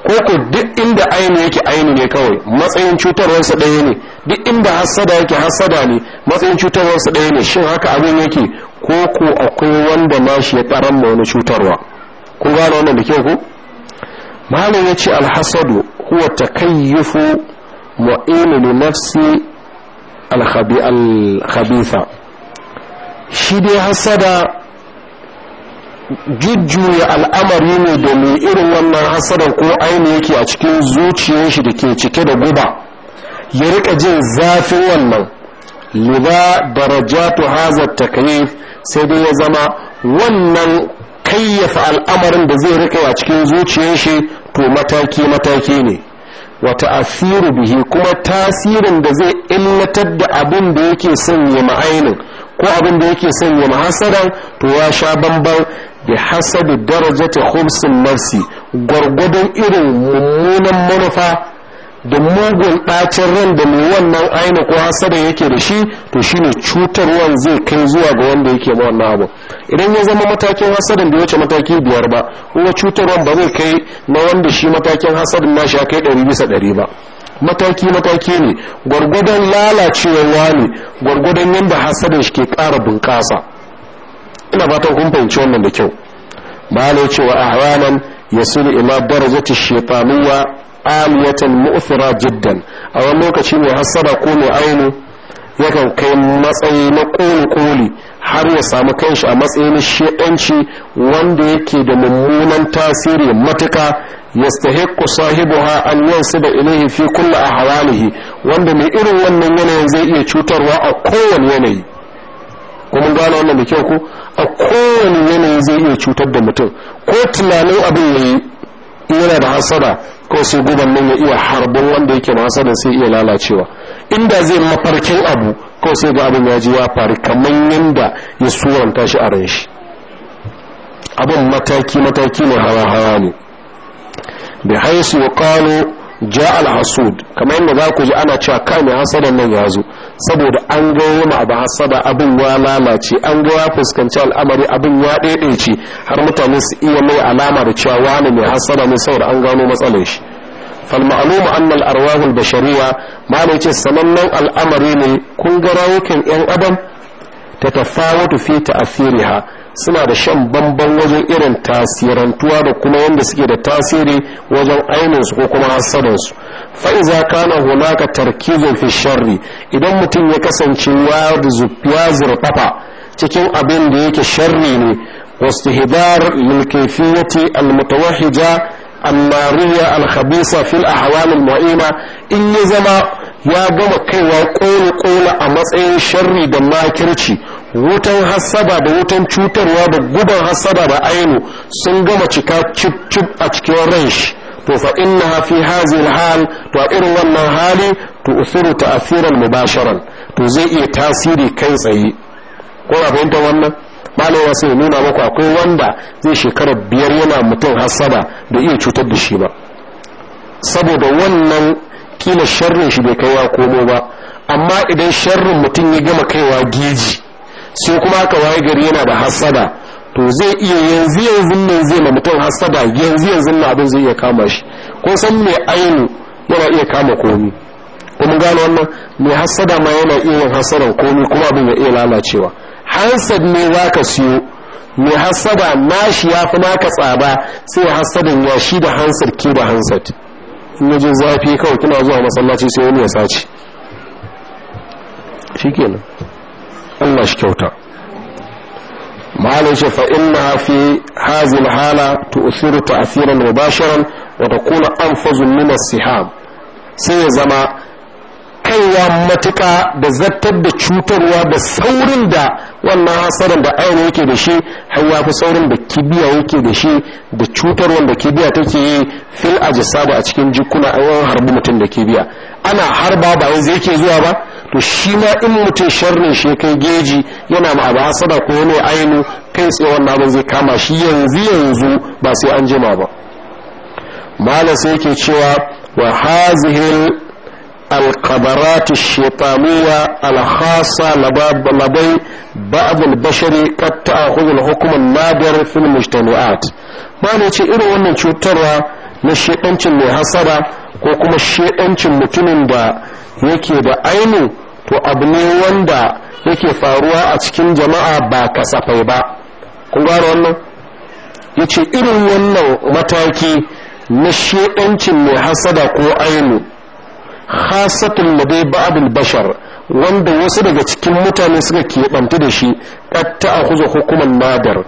ko ko duk inda aini yake aini ne kawai matsayin cutarwarsa ɗaya ne duk inda hassada yake hassada ne matsayin cutarwarsa ɗaya ne shin haka abin yake ko ko akwai wanda shi ya karan ma wani cutarwa kun gane wannan da kyau ko malam ya ce alhasadu huwa takayyufu mu'inu li nafsi alkhabitha shi dai hassada jujjuya al'amari ne da mai irin wannan hasarar ko aini yake a cikin zuciyar shi da ke cike da guba ya rika jin zafin wannan liba darajatu hazar kai sai dai ya zama wannan kayyafa al'amarin da zai rika a cikin zuciyar shi to mataki-mataki ne wata asiru bihi kuma tasirin da zai illatar da abin da yake son ya ma'ainin ko abin da yake sanya mahasadan to ya sha da bi daraja ta khumsin nafsi gwargwadon irin mummunan manufa da mugun ɗacin ran da mai wannan aina ko hasada yake da shi to shine cutarwan zai kai zuwa ga wanda yake ma wannan abu idan ya zama matakin hasadan da wuce mataki biyar ba kuma cutarwan ba zai kai na wanda shi matakin hasadin nashi ya kai ɗari bisa ɗari ba mataki-mataki ne gwargwadon lalacewar wani gwargwadon yadda hasadin shi ke ƙara bunƙasa ina fatan ta fahimci wannan da kyau ba ne cewa a ranar ya sulu ila darajati shaitanuwa aliyatan ma'ufira jiddan a wani lokaci mai hasada ko mai ainu yakan kai matsayi na koli koli har ya samu kanshi a matsayin shaɗanci wanda yake da mummunan tasiri matuka yastahiqqu sahibuha an yansiba ilayhi fi kulli ahwalihi wanda mai irin wannan yanayin zai iya cutarwa a kowane yanayi kuma gano wannan da kyau ko a kowane yanayi zai iya cutar da mutum ko tunanin abin yayi yana da hasada ko sai guban nan ya iya harbin wanda yake da hasada sai iya lalacewa inda zai mafarkin abu ko sai ga abin ya ji ya faru kamar yanda ya suranta shi a ran shi abin mataki mataki ne hawa hawa ne bi haisu wa kano ja alhasud hasud kamar yadda za ku ji ana cewa kai mai hasadan nan ya zo saboda an ga wani abu hasada abin ya lalace an ga ya fuskanci al'amari abin ya ɗaiɗaice har mutane su iya mai alama da cewa wani mai hasada ne saboda an gano matsalar shi fal ma'lumu anna al-arwah al ma ne ce sanannen al'amari ne kun ga rayukan yan adam ta tafawutu fi ta'athiriha suna da shan bamban wajen irin tasirantuwa da kuma yadda suke da tasiri wajen ainihinsu ko kuma hasadansu fa'iza kana hunaka tarkizin fi sharri idan mutum ya kasance ya zurfafa cikin abin da yake sharri ne wasu hidar lilkaifiyati almutawahija annariya alhabisa fil ahwal mu'ima in ya zama ya gama kaiwa ƙone-ƙone a matsayin sharri da makirci wutan hasaba da wutan cutarwa da guban hassaba da ainu sun gama cika cip a cikin ranshi to fa inna fi hazil hal to a irin wannan hali to usiru ta'asiran mubasharan to zai iya tasiri kai tsaye ko na fahimta wannan malama sai nuna maku akwai wanda zai shekarar biyar yana mutum hassaba da iya cutar da shi ba saboda wannan kila sharrin shi bai kaiwa komo ba amma idan sharrin mutum ya gama kaiwa geji sai kuma aka waye gari yana da hasada to zai iya yanzu yanzu nan zai ma mutum hasada yanzu yanzu nan abin zai iya kama shi ko san mai ainu yana iya kama komi kuma gano wannan mai hasada ma yana iya yin hasadan komi kuma abin ya iya lalacewa hansad ne za ka siyo mai hasada nashi ya fi naka tsaba sai hasadan ya shi da hansad ke da hansad in jin zafi kawai kina zuwa masallaci sai wani ya sace shi kenan allah shi kyauta malin shafa fa'in fi hazin hala ta usiru ta asirin mubasharan wata kuna an fazun nuna siham sai ya zama kaiwa matuƙa da zartar da cutarwa da saurin da wannan hasaran da aure yake da shi har fi saurin da kibiya yake da shi da cutarwar da kibiya take yi fil ajisaba a cikin jikuna a yawan harbi mutum da kibiya ana harba ba yanzu yake zuwa ba to shi ma in mutum sharrin shi kai geji yana ma ba hasara ko wani ainu kai tsaye wannan abin zai kama shi yanzu yanzu ba sai an jima ba malam sai yake cewa wa hazihil القبرات الشيطانية الخاصة لدي بعض البشر قد تأخذ الحكم النادر في المجتمعات ما نتي إلو أن تشترى نشيطنش اللي حصرة وكما الشيطنش المتنين دا يكي دا أينو to abu ne wanda yake faruwa a cikin jama'a ba kasafai ba kun gano wannan ya ce irin wannan mataki na shedancin mai hasada ko ainu khasatun labai ba'adul bashar wanda wasu daga cikin mutane suka keɓanta da shi ƙatta a kuzo hukuman nadar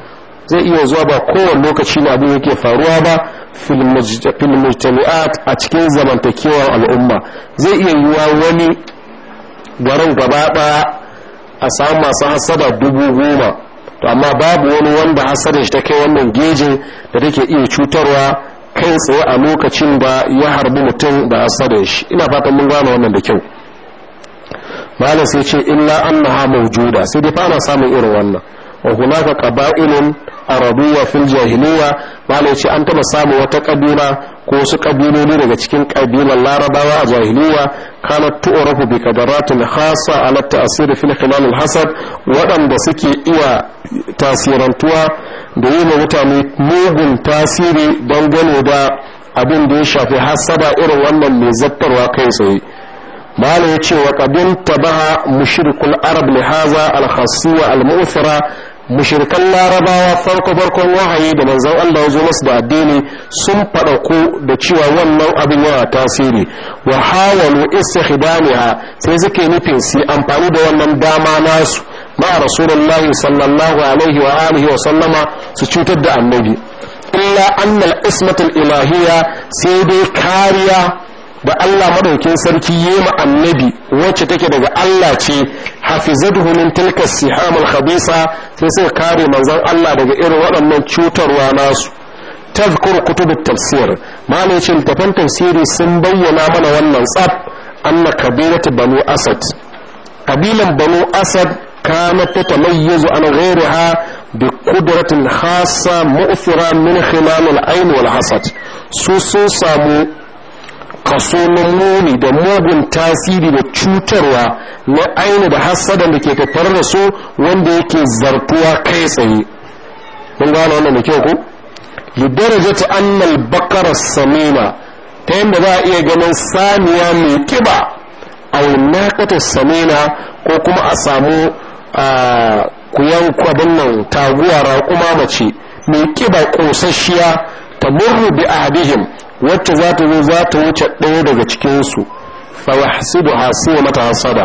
zai iya zuwa ba kowane lokaci na abin yake faruwa ba filmujtami'at a cikin zamantakewar al'umma zai iya yiwa wani garin gaba ɗaya a samu masu hasada dubu goma to amma babu wani wanda hasadar shi ta kai wannan gejin da take iya cutarwa kai tsaye a lokacin da ya harbi mutum da asarin shi ina fatan mun gane wannan da kyau malam sai ce illa annaha mawjuda sai dai fa ana samun irin wannan wa hunaka qaba'ilun arabuwa fil jahiliya an taba samu wata kabila ko wasu kabiloli daga cikin kabilan larabawa a jahiliya kana tu'rafu bi qadaratin khassa ala ta'sir fil khilal al hasad waɗanda suke iya tasirantuwa da yi mutane mugun tasiri dangane da abin da ya shafi hassada irin wannan mai zattarwa kai tsaye malam ya ce wa kadin tabaha mushrikul arab li haza al khassuwa mushirkan larabawa farko farkon wahayi da manzon Allah ya zo masu da addini sun faɗako da cewa wannan abin yana tasiri wa hawalu istikhdamiha sai suke nufin su amfani da wannan dama nasu ma rasulullahi sallallahu alaihi wa alihi wa sallama su cutar da annabi illa annal ismatul ilahiya sai dai kariya da Allah madaukin sarki yema annabi wacce take daga Allah ce hafizatuhu min tilka siham al-khabisa sai suka kare manzon Allah daga irin waɗannan cutarwa nasu tazkur kutubut tafsir malai cin tafan tafsiri sun bayyana mana wannan tsab anna kabiratu banu asad kabilan banu asad kanat tamayyazu an ghayriha bi qudratin khassa mu'thira min khilal al-ayn wal hasad su sun samu kaso na muni da mugun tasiri da cutarwa na aini da hassadan da ke tattare da su wanda yake zartuwa kai tsaye mun gano wannan da kyau ko lidarajat annal bakara samina ta yadda za a iya ganin saniya mai kiba a wunakata samina ko kuma a samu kuyan kwadin nan taguwa raƙuma mace mai kiba ƙosasshiya ta murru bi ahadihim wacce za ta zo za ta wuce ɗaya daga cikinsu fawahsidu hasiya mata hasada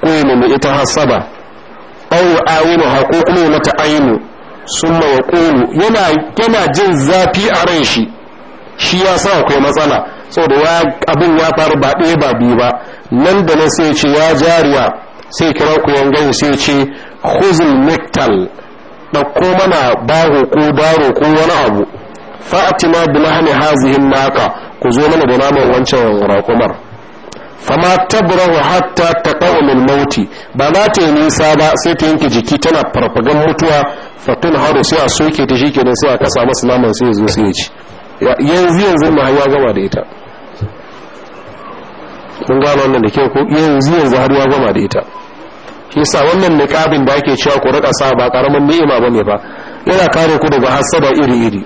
ko ya nemi ita hasada aw ya ayinu ha ko kuma mata ainu summa yaqulu yana yana jin zafi a ran shi shi ya sa akwai matsala saboda ya abin ya faru ba ɗaya ba biyu ba nan da na sai ce ya jariya sai kira ku yangan sai ce khuzul miktal ɗauko mana baho ko daro ko wani abu fa'atina bi lahmi hazihi naka ku zo mana da naman wancan raƙumar fama tabrahu hatta taqaw min mauti ba za ta yi nisa ba sai ta yanke jiki tana farfagan mutuwa fatun haru sai a soke ta shi kenan sai a kasa masa naman sai ya zo sai ya ci yanzu yanzu ma ya gama da ita mun gano wannan da kyau ko yanzu yanzu har ya gama da ita shi yasa wannan niqabin da ake cewa ku rika sa ba karamin ni'ima bane ba yana kare ku daga hasada iri iri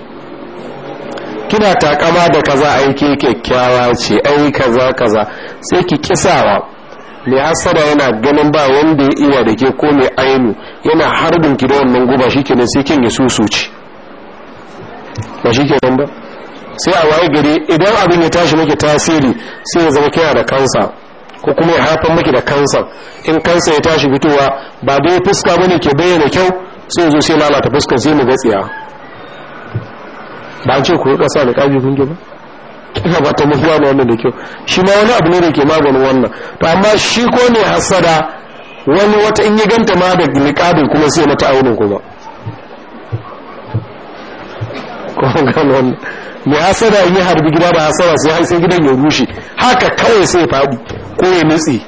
kina takama da kaza aiki kyakkyawa ce ai kaza kaza sai ki kisawa me hasara yana ganin ba wanda ya iya da ke ko mai ainu yana harbin ki da wannan guba shi sai kin ya susuci ba shi ba sai a waye gari idan abin ya tashi miki tasiri sai ya zama kina da kansa ko kuma ya haifar miki da kansa in kansa ya tashi fitowa ba dai fuska bane ke bayyana kyau sai zo sai lalata fuskar sai mu gatsiya ba an ce ku kasa da kaji kun ba ina ba ta mafi wani wannan da kyau shi ma wani abu ne da ke maganin wannan to amma shi ko ne hasada wani wata in yi ganta ma da niƙabin kuma sai mata aunin kuma kuma gano wannan mai hasada in yi harbi gida da hasada sai har sai gidan ya rushe haka kawai sai faɗi ko ya nutse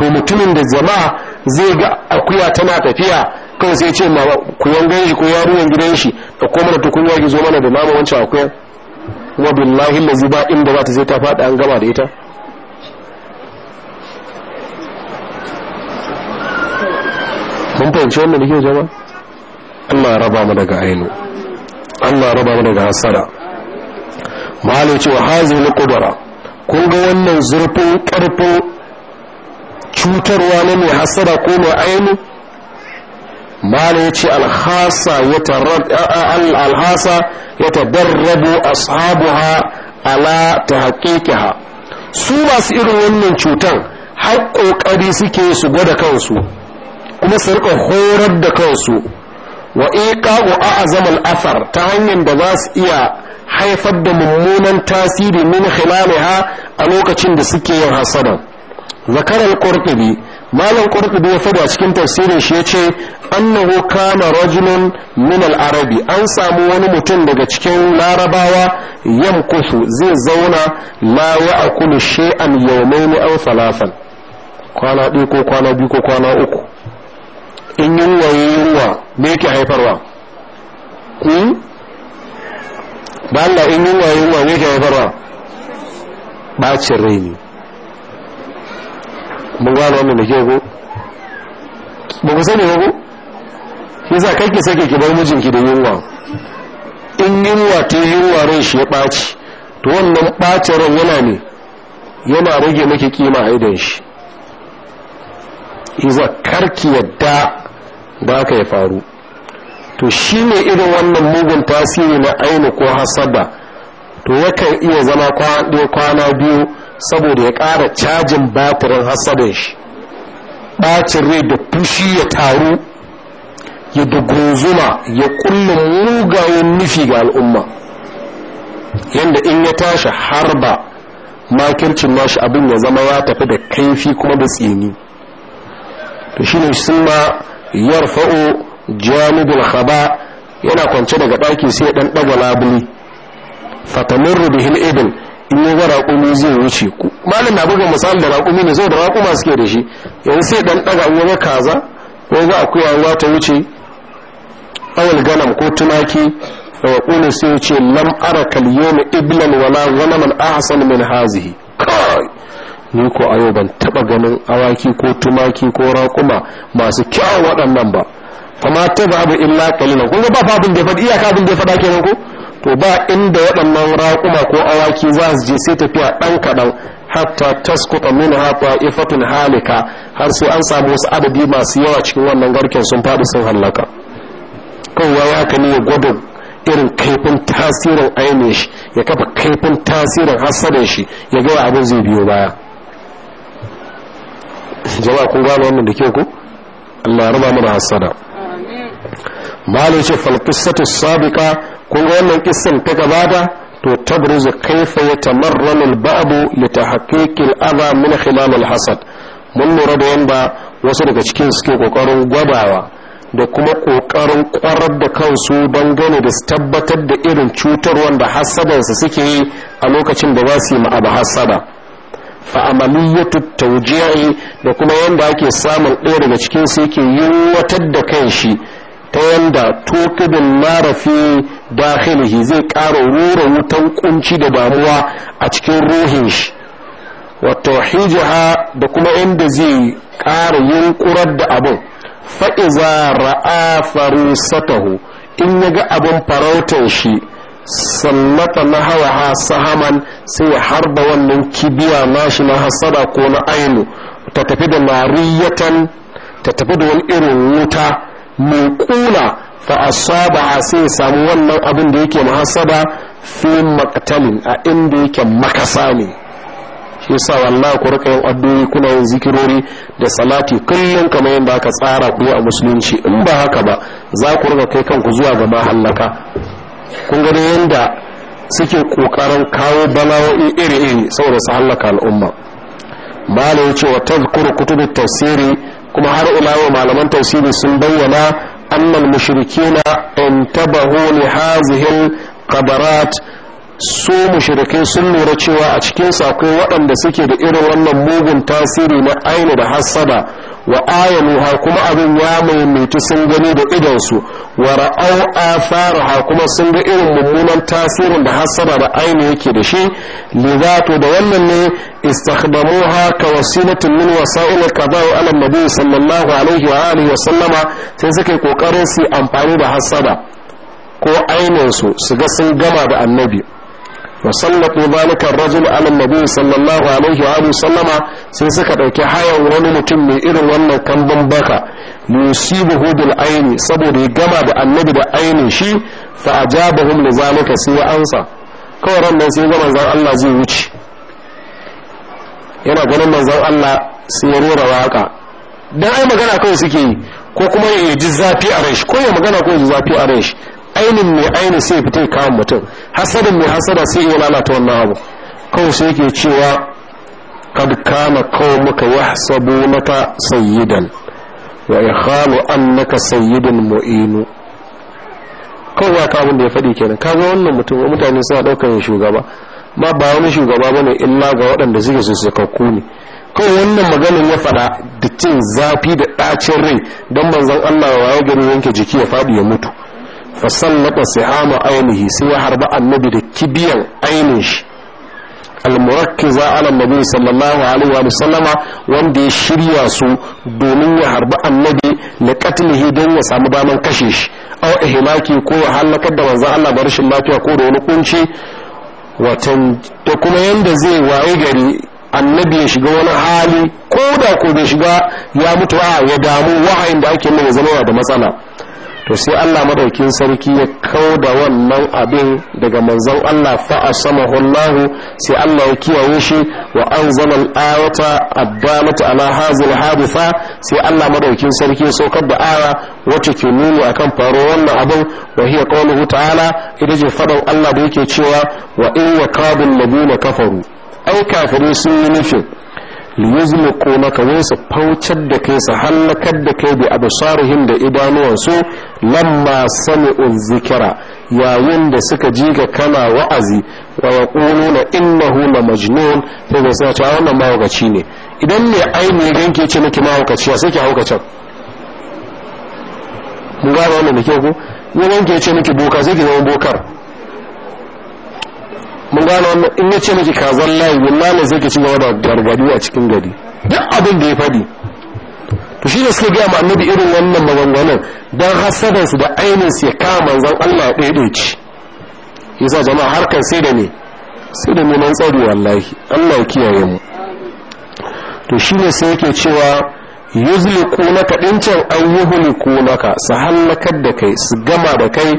to mutumin da jama'a zai ga akuya tana tafiya kawai sai ce mama ku yanga shi ko yarinyan gidan shi da koma da tukunya ki zo mana da nama wancan akuya kuma billahi lazi ba inda za ta sai ta faɗi an gama da ita mun fahimci wannan da ke jama Allah ya raba mu daga ainu Allah ya raba mu daga hasara malai cewa hazi na kudura kun ga wannan zurfin karfin cutarwa na mai hasara ko mai ainu mala ya ce alhasa ya tadarrabu ashabuha ala ta haƙiƙiha su masu irin wannan cutan har ƙoƙari suke su gwada kansu kuma su rika horar da kansu wa iqa'u a al-athar ta hanyar da za su iya haifar da mummunan tasiri min khilaliha a lokacin da suke yin hasadan zakarar al malam qurtubi ya fada cikin tafsirin shi yace annahu kana rajulun min al-arabi an samu wani mutum daga cikin larabawa yamkusu zai zauna la ya'kulu shay'an yawmayn aw thalathan kwana biyu ko kwana biyu ko kwana uku in yunwaye ruwa me yake haifarwa ku ba Allah in yunwaye ruwa me yake haifarwa bacin rai ne mun gano wannan da kyau ko ba ku sani ba ko shi yasa kake sake ki bar mijinki da yunwa in yunwa ta yunwa ran shi ya ɓaci to wannan ɓacin ran yana ne yana rage maki kima a idan shi iza karki yadda da aka ya faru to shi ne irin wannan mugun tasiri na aini ko hasada to yakan iya zama kwana biyu saboda ya ƙara cajin batirin hasadin shi ɓacin rai da fushi ya taru ya dugunzuma ya kullum mugayen nufi ga al'umma yadda in ya tashi harba makircin nashi abin ya zama ya tafi da kaifi kuma da tsini to shine sun ma yarfa'o janibul khaba yana kwance daga ɗaki sai ɗan ɗaga labuli fatamurru rubihin ibin in yi wa raƙumi zai wuce ku malin na buga misali da raƙumi ne saboda raƙuma suke da shi yau sai dan ɗaga in wani kaza ko za a kuya ruwa ta wuce awal ganam ko tumaki da waƙunin sai ya ce lam ara kalyomi iblan wala man ahsan min hazihi kai ni ko a yau ban taɓa ganin awaki ko tumaki ko raƙuma masu kyawun waɗannan ba kuma ta ba abu illa kalina kun ga ba fa abin da ya faɗi iyaka abin da ya faɗa kenan ko to ba inda waɗannan raƙuma ko awaki za su je sai tafiya ɗan kaɗan hatta taskuta min hafa ifatun halika har sai an samu wasu adadi masu yawa cikin wannan garken sun faɗi sun hallaka kawai ya ka ne ya gwada irin kaifin tasirin ainihin shi ya kafa kaifin tasirin hassadin shi ya gaya abin zai biyo baya jama'a kun gano wannan da ke ku Allah raba mana hassada ce kun ga wannan kissan ta gabata to tabruzu kaifa yatamarranu al-ba'bu li tahqiq al-adha min khilal al-hasad mun lura da yanda wasu daga cikin suke kokarin gwadawa da kuma kokarin kwarar da kansu don gane da su tabbatar da irin cutar wanda hassadansa suke yi a lokacin da za su yi ma'aba hassada amaliyatu taujiya'i da kuma yanda ake samun ɗaya daga cikin su yake yiwatar da kanshi. shi ta yanda tokibin marafi dakhilihi zai ƙara rura wutan kunci da damuwa a cikin ruhin shi wato hijiha da kuma inda zai ƙara yunkurar da abin fa'iza ra'a farusatahu in ya ga abin farautar shi sallata na hawa sahaman sai ya harba wannan kibiya nashi na hasada ko na ainu ta tafi da mariyatan ta tafi da wani irin wuta mai kula fa asaba sai samu wannan abin da yake muhasaba fi maqtalin a inda yake makasa ne shi yasa wallahi ku rika yin addu'o'i kuna yin zikirori da salati kullum kamar yadda aka tsara ku a musulunci in ba haka ba za ku rika kai kanku zuwa gaba mahallaka kun ga yadda suke kokarin kawo bala'o'i iri-iri saboda su hallaka al'umma malai ya ce wa tazkuru kutubin tafsiri kuma har ila yau malaman tafsiri sun bayyana annal mushrikina intabahu li hazihi qabarat su mushrike sun lura cewa a cikin akwai waɗanda suke da irin wannan mugun tasiri na aini da hassada wa har kuma abin ya mai sun gani da idonsu wa ra'au atharaha kuma sun ga irin mummunan tasirin da hasara da aini yake da shi lizato da wannan ne istakhdamuha ka wasilatin min wasa'il al-qada'i ala nabi sallallahu alaihi wa alihi wa sallama sai suke kokarin su amfani da hasara ko ainin su su ga sun gama da annabi wasallatu zalika rajul ala nabi sallallahu alaihi wa sallama sai suka dauki hayan wani mutum mai irin wannan kambun baka yusibuhu bil aini saboda ya gama da annabi da ainin shi fa ajabahum li zalika sai ansa kawai ran nan sai ga Allah zai wuce yana ganin manzon Allah sai ya rora waka dan ai magana kawai suke yi ko kuma ya ji zafi a rai ko ya magana ko ya ji a rai ainin mai aini sai fita kawo mutum hasadin mai hasada sai iya lalata wannan abu kawai sai yake cewa kad kana qaumuka yahsabunaka sayyidan wa ikhalu annaka sayyidun mu'inu kawai ya kawo da ya faɗi kenan kaga wannan mutum mutane suna ɗaukar shugaba ma ba wani shugaba bane illa ga waɗanda suke so su kakku ne kawai wannan maganin ya faɗa da cin zafi da ɗacin rai don manzon Allah wa ya gari yanke jiki ya faɗi ya mutu fa sihama ainihi sai ya harba annabi da kibiyan ainin shi almurakkiza ala nabi sallallahu alaihi wa sallama wanda ya shirya su domin ya harba annabi na katilihi don ya samu daman kashe shi aw himaki ko ya halakar da manzon Allah da rashin lafiya ko da wani kunci watan da kuma yanda zai waye gari annabi ya shiga wani hali ko da ko bai shiga ya mutu a ya damu wahayin da ake mai zama da matsala to sai Allah madaukin sarki ya da wannan abin daga manzon Allah fa sama Allah sai Allah ya kiyaye shi wa anzala al-ayata addalata ala hazil hadisa sai Allah madaukin sarki ya saukar da aya wacce ke nuni akan faro wannan abin wa hiya qawluhu ta'ala ita ce fadan Allah da yake cewa wa in yakadul ladina kafaru ai kafirai sun yi nufin liyuzliqu naka wai su faucar da kai su halakar da kai bi absarihim da idanuwansu lamma sami'u zikira yayin da suka ji ga kana wa'azi wa la innahu la majnun sai da sai ta wannan mawakaci ne idan ne aini ganke ce miki mawakaci sai ki haukacin mun ga wannan da ke ku ne ganke ce miki boka sai ki zama bokar mun gane wannan in ya ce miki kazan layi wallahi zai ke ci gaba da gargadi a cikin gari duk abin da ya fadi to shi ne suka gaya ma annabi irin wannan maganganun don hasadansu da su ya kama manzon Allah ya ci yasa jama'a harkar sai da ne sai da nan tsari wallahi Allah ya kiyaye mu to shi ne sai yake cewa yuzliqunaka dincan an yuhliqunaka su hallakar da kai su gama da kai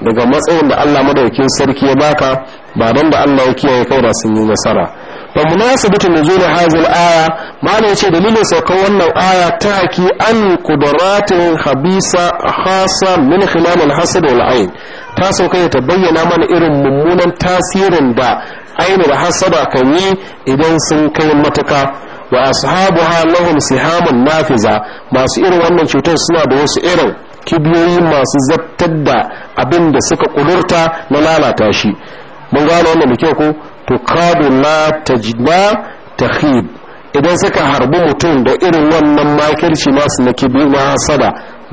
daga matsayin da Allah madaukakin sarki ya baka ba don da Allah ya kiyaye kai da sun yi nasara fa munasabatu nuzul hazil aya mala yace dalilin saukar wannan aya ta haki an qudratin habisa khasa min khilal al hasad wal ayn ta sauka ya ta bayyana mana irin mummunan tasirin da aini da hasada kan yi idan sun kai matuka wa ashabuha lahum sihamun nafiza masu irin wannan cutar suna da wasu irin kibiyoyi masu zartar da abin da suka kudurta na lalata shi mun gano wannan da kyau ko to kadu la tajda takhib idan suka harbi mutum da irin wannan makirci masu na kibi na hasada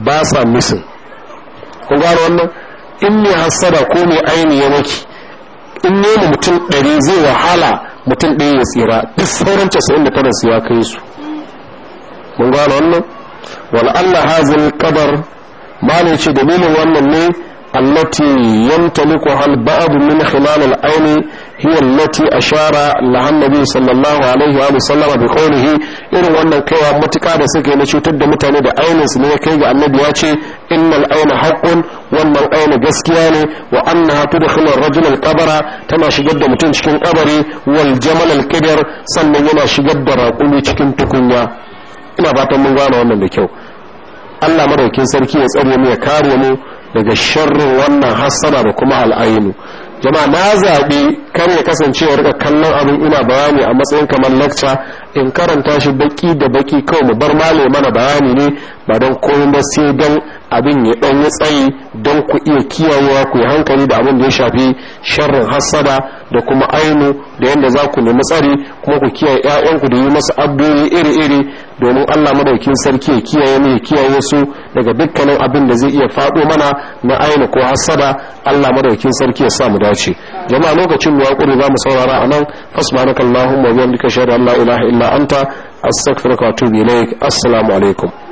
ba sa misin kun gano wannan in ne hasada ko mai aini ya maki in ne mutum ɗari zai wahala mutum ɗaya ya tsira duk sauran casa'in da tarasu ya kai su mun gano wannan wal Allah kabar ma ne ce dalilin wannan ne التي يمتلكها البعض من خلال العين هي التي أشار لها النبي صلى الله عليه وآله وسلم بقوله إن وانا كوا متكا بسكي نشوتد متاني دا عين سنية النبي ياتي إن العين حق وانا العين قسكياني وأنها تدخل الرجل القبر تنا شجد متن شكين قبري والجمل الكبير سنة ينا شجد راقوني شكين تكونيا إنا باتم من غانا وانا بكيو Allah maraukin sarki ya tsare mu ya kare mu daga sharrin wannan hassana da kuma al'ainu jama'a na zaɓi kar ya kasance ya rika kallon abin ina bayani a matsayin kamar lakca in karanta shi baki da baki kawai mu bar male mana bayani ne ba don koyon ba sai don abin ya dan yi tsayi don ku iya kiyayewa ku yi hankali da abin da ya shafi sharrin hassada da kuma ainu da yadda za ku nemi tsari kuma ku kiyaye ƴaƴanku da yi masa addu'o'i iri-iri domin Allah madaukin sarki ya kiyaye mu ya kiyaye su daga dukkanin abin da zai iya faɗo mana na ainu ko hassada Allah madaukin sarki ya sa mu dace jama'a lokacin mu ya za mu saurara anan fasbanakallahumma wa bihamdika shahada an la ilaha illa anta astaghfiruka wa atubu ilaik assalamu alaikum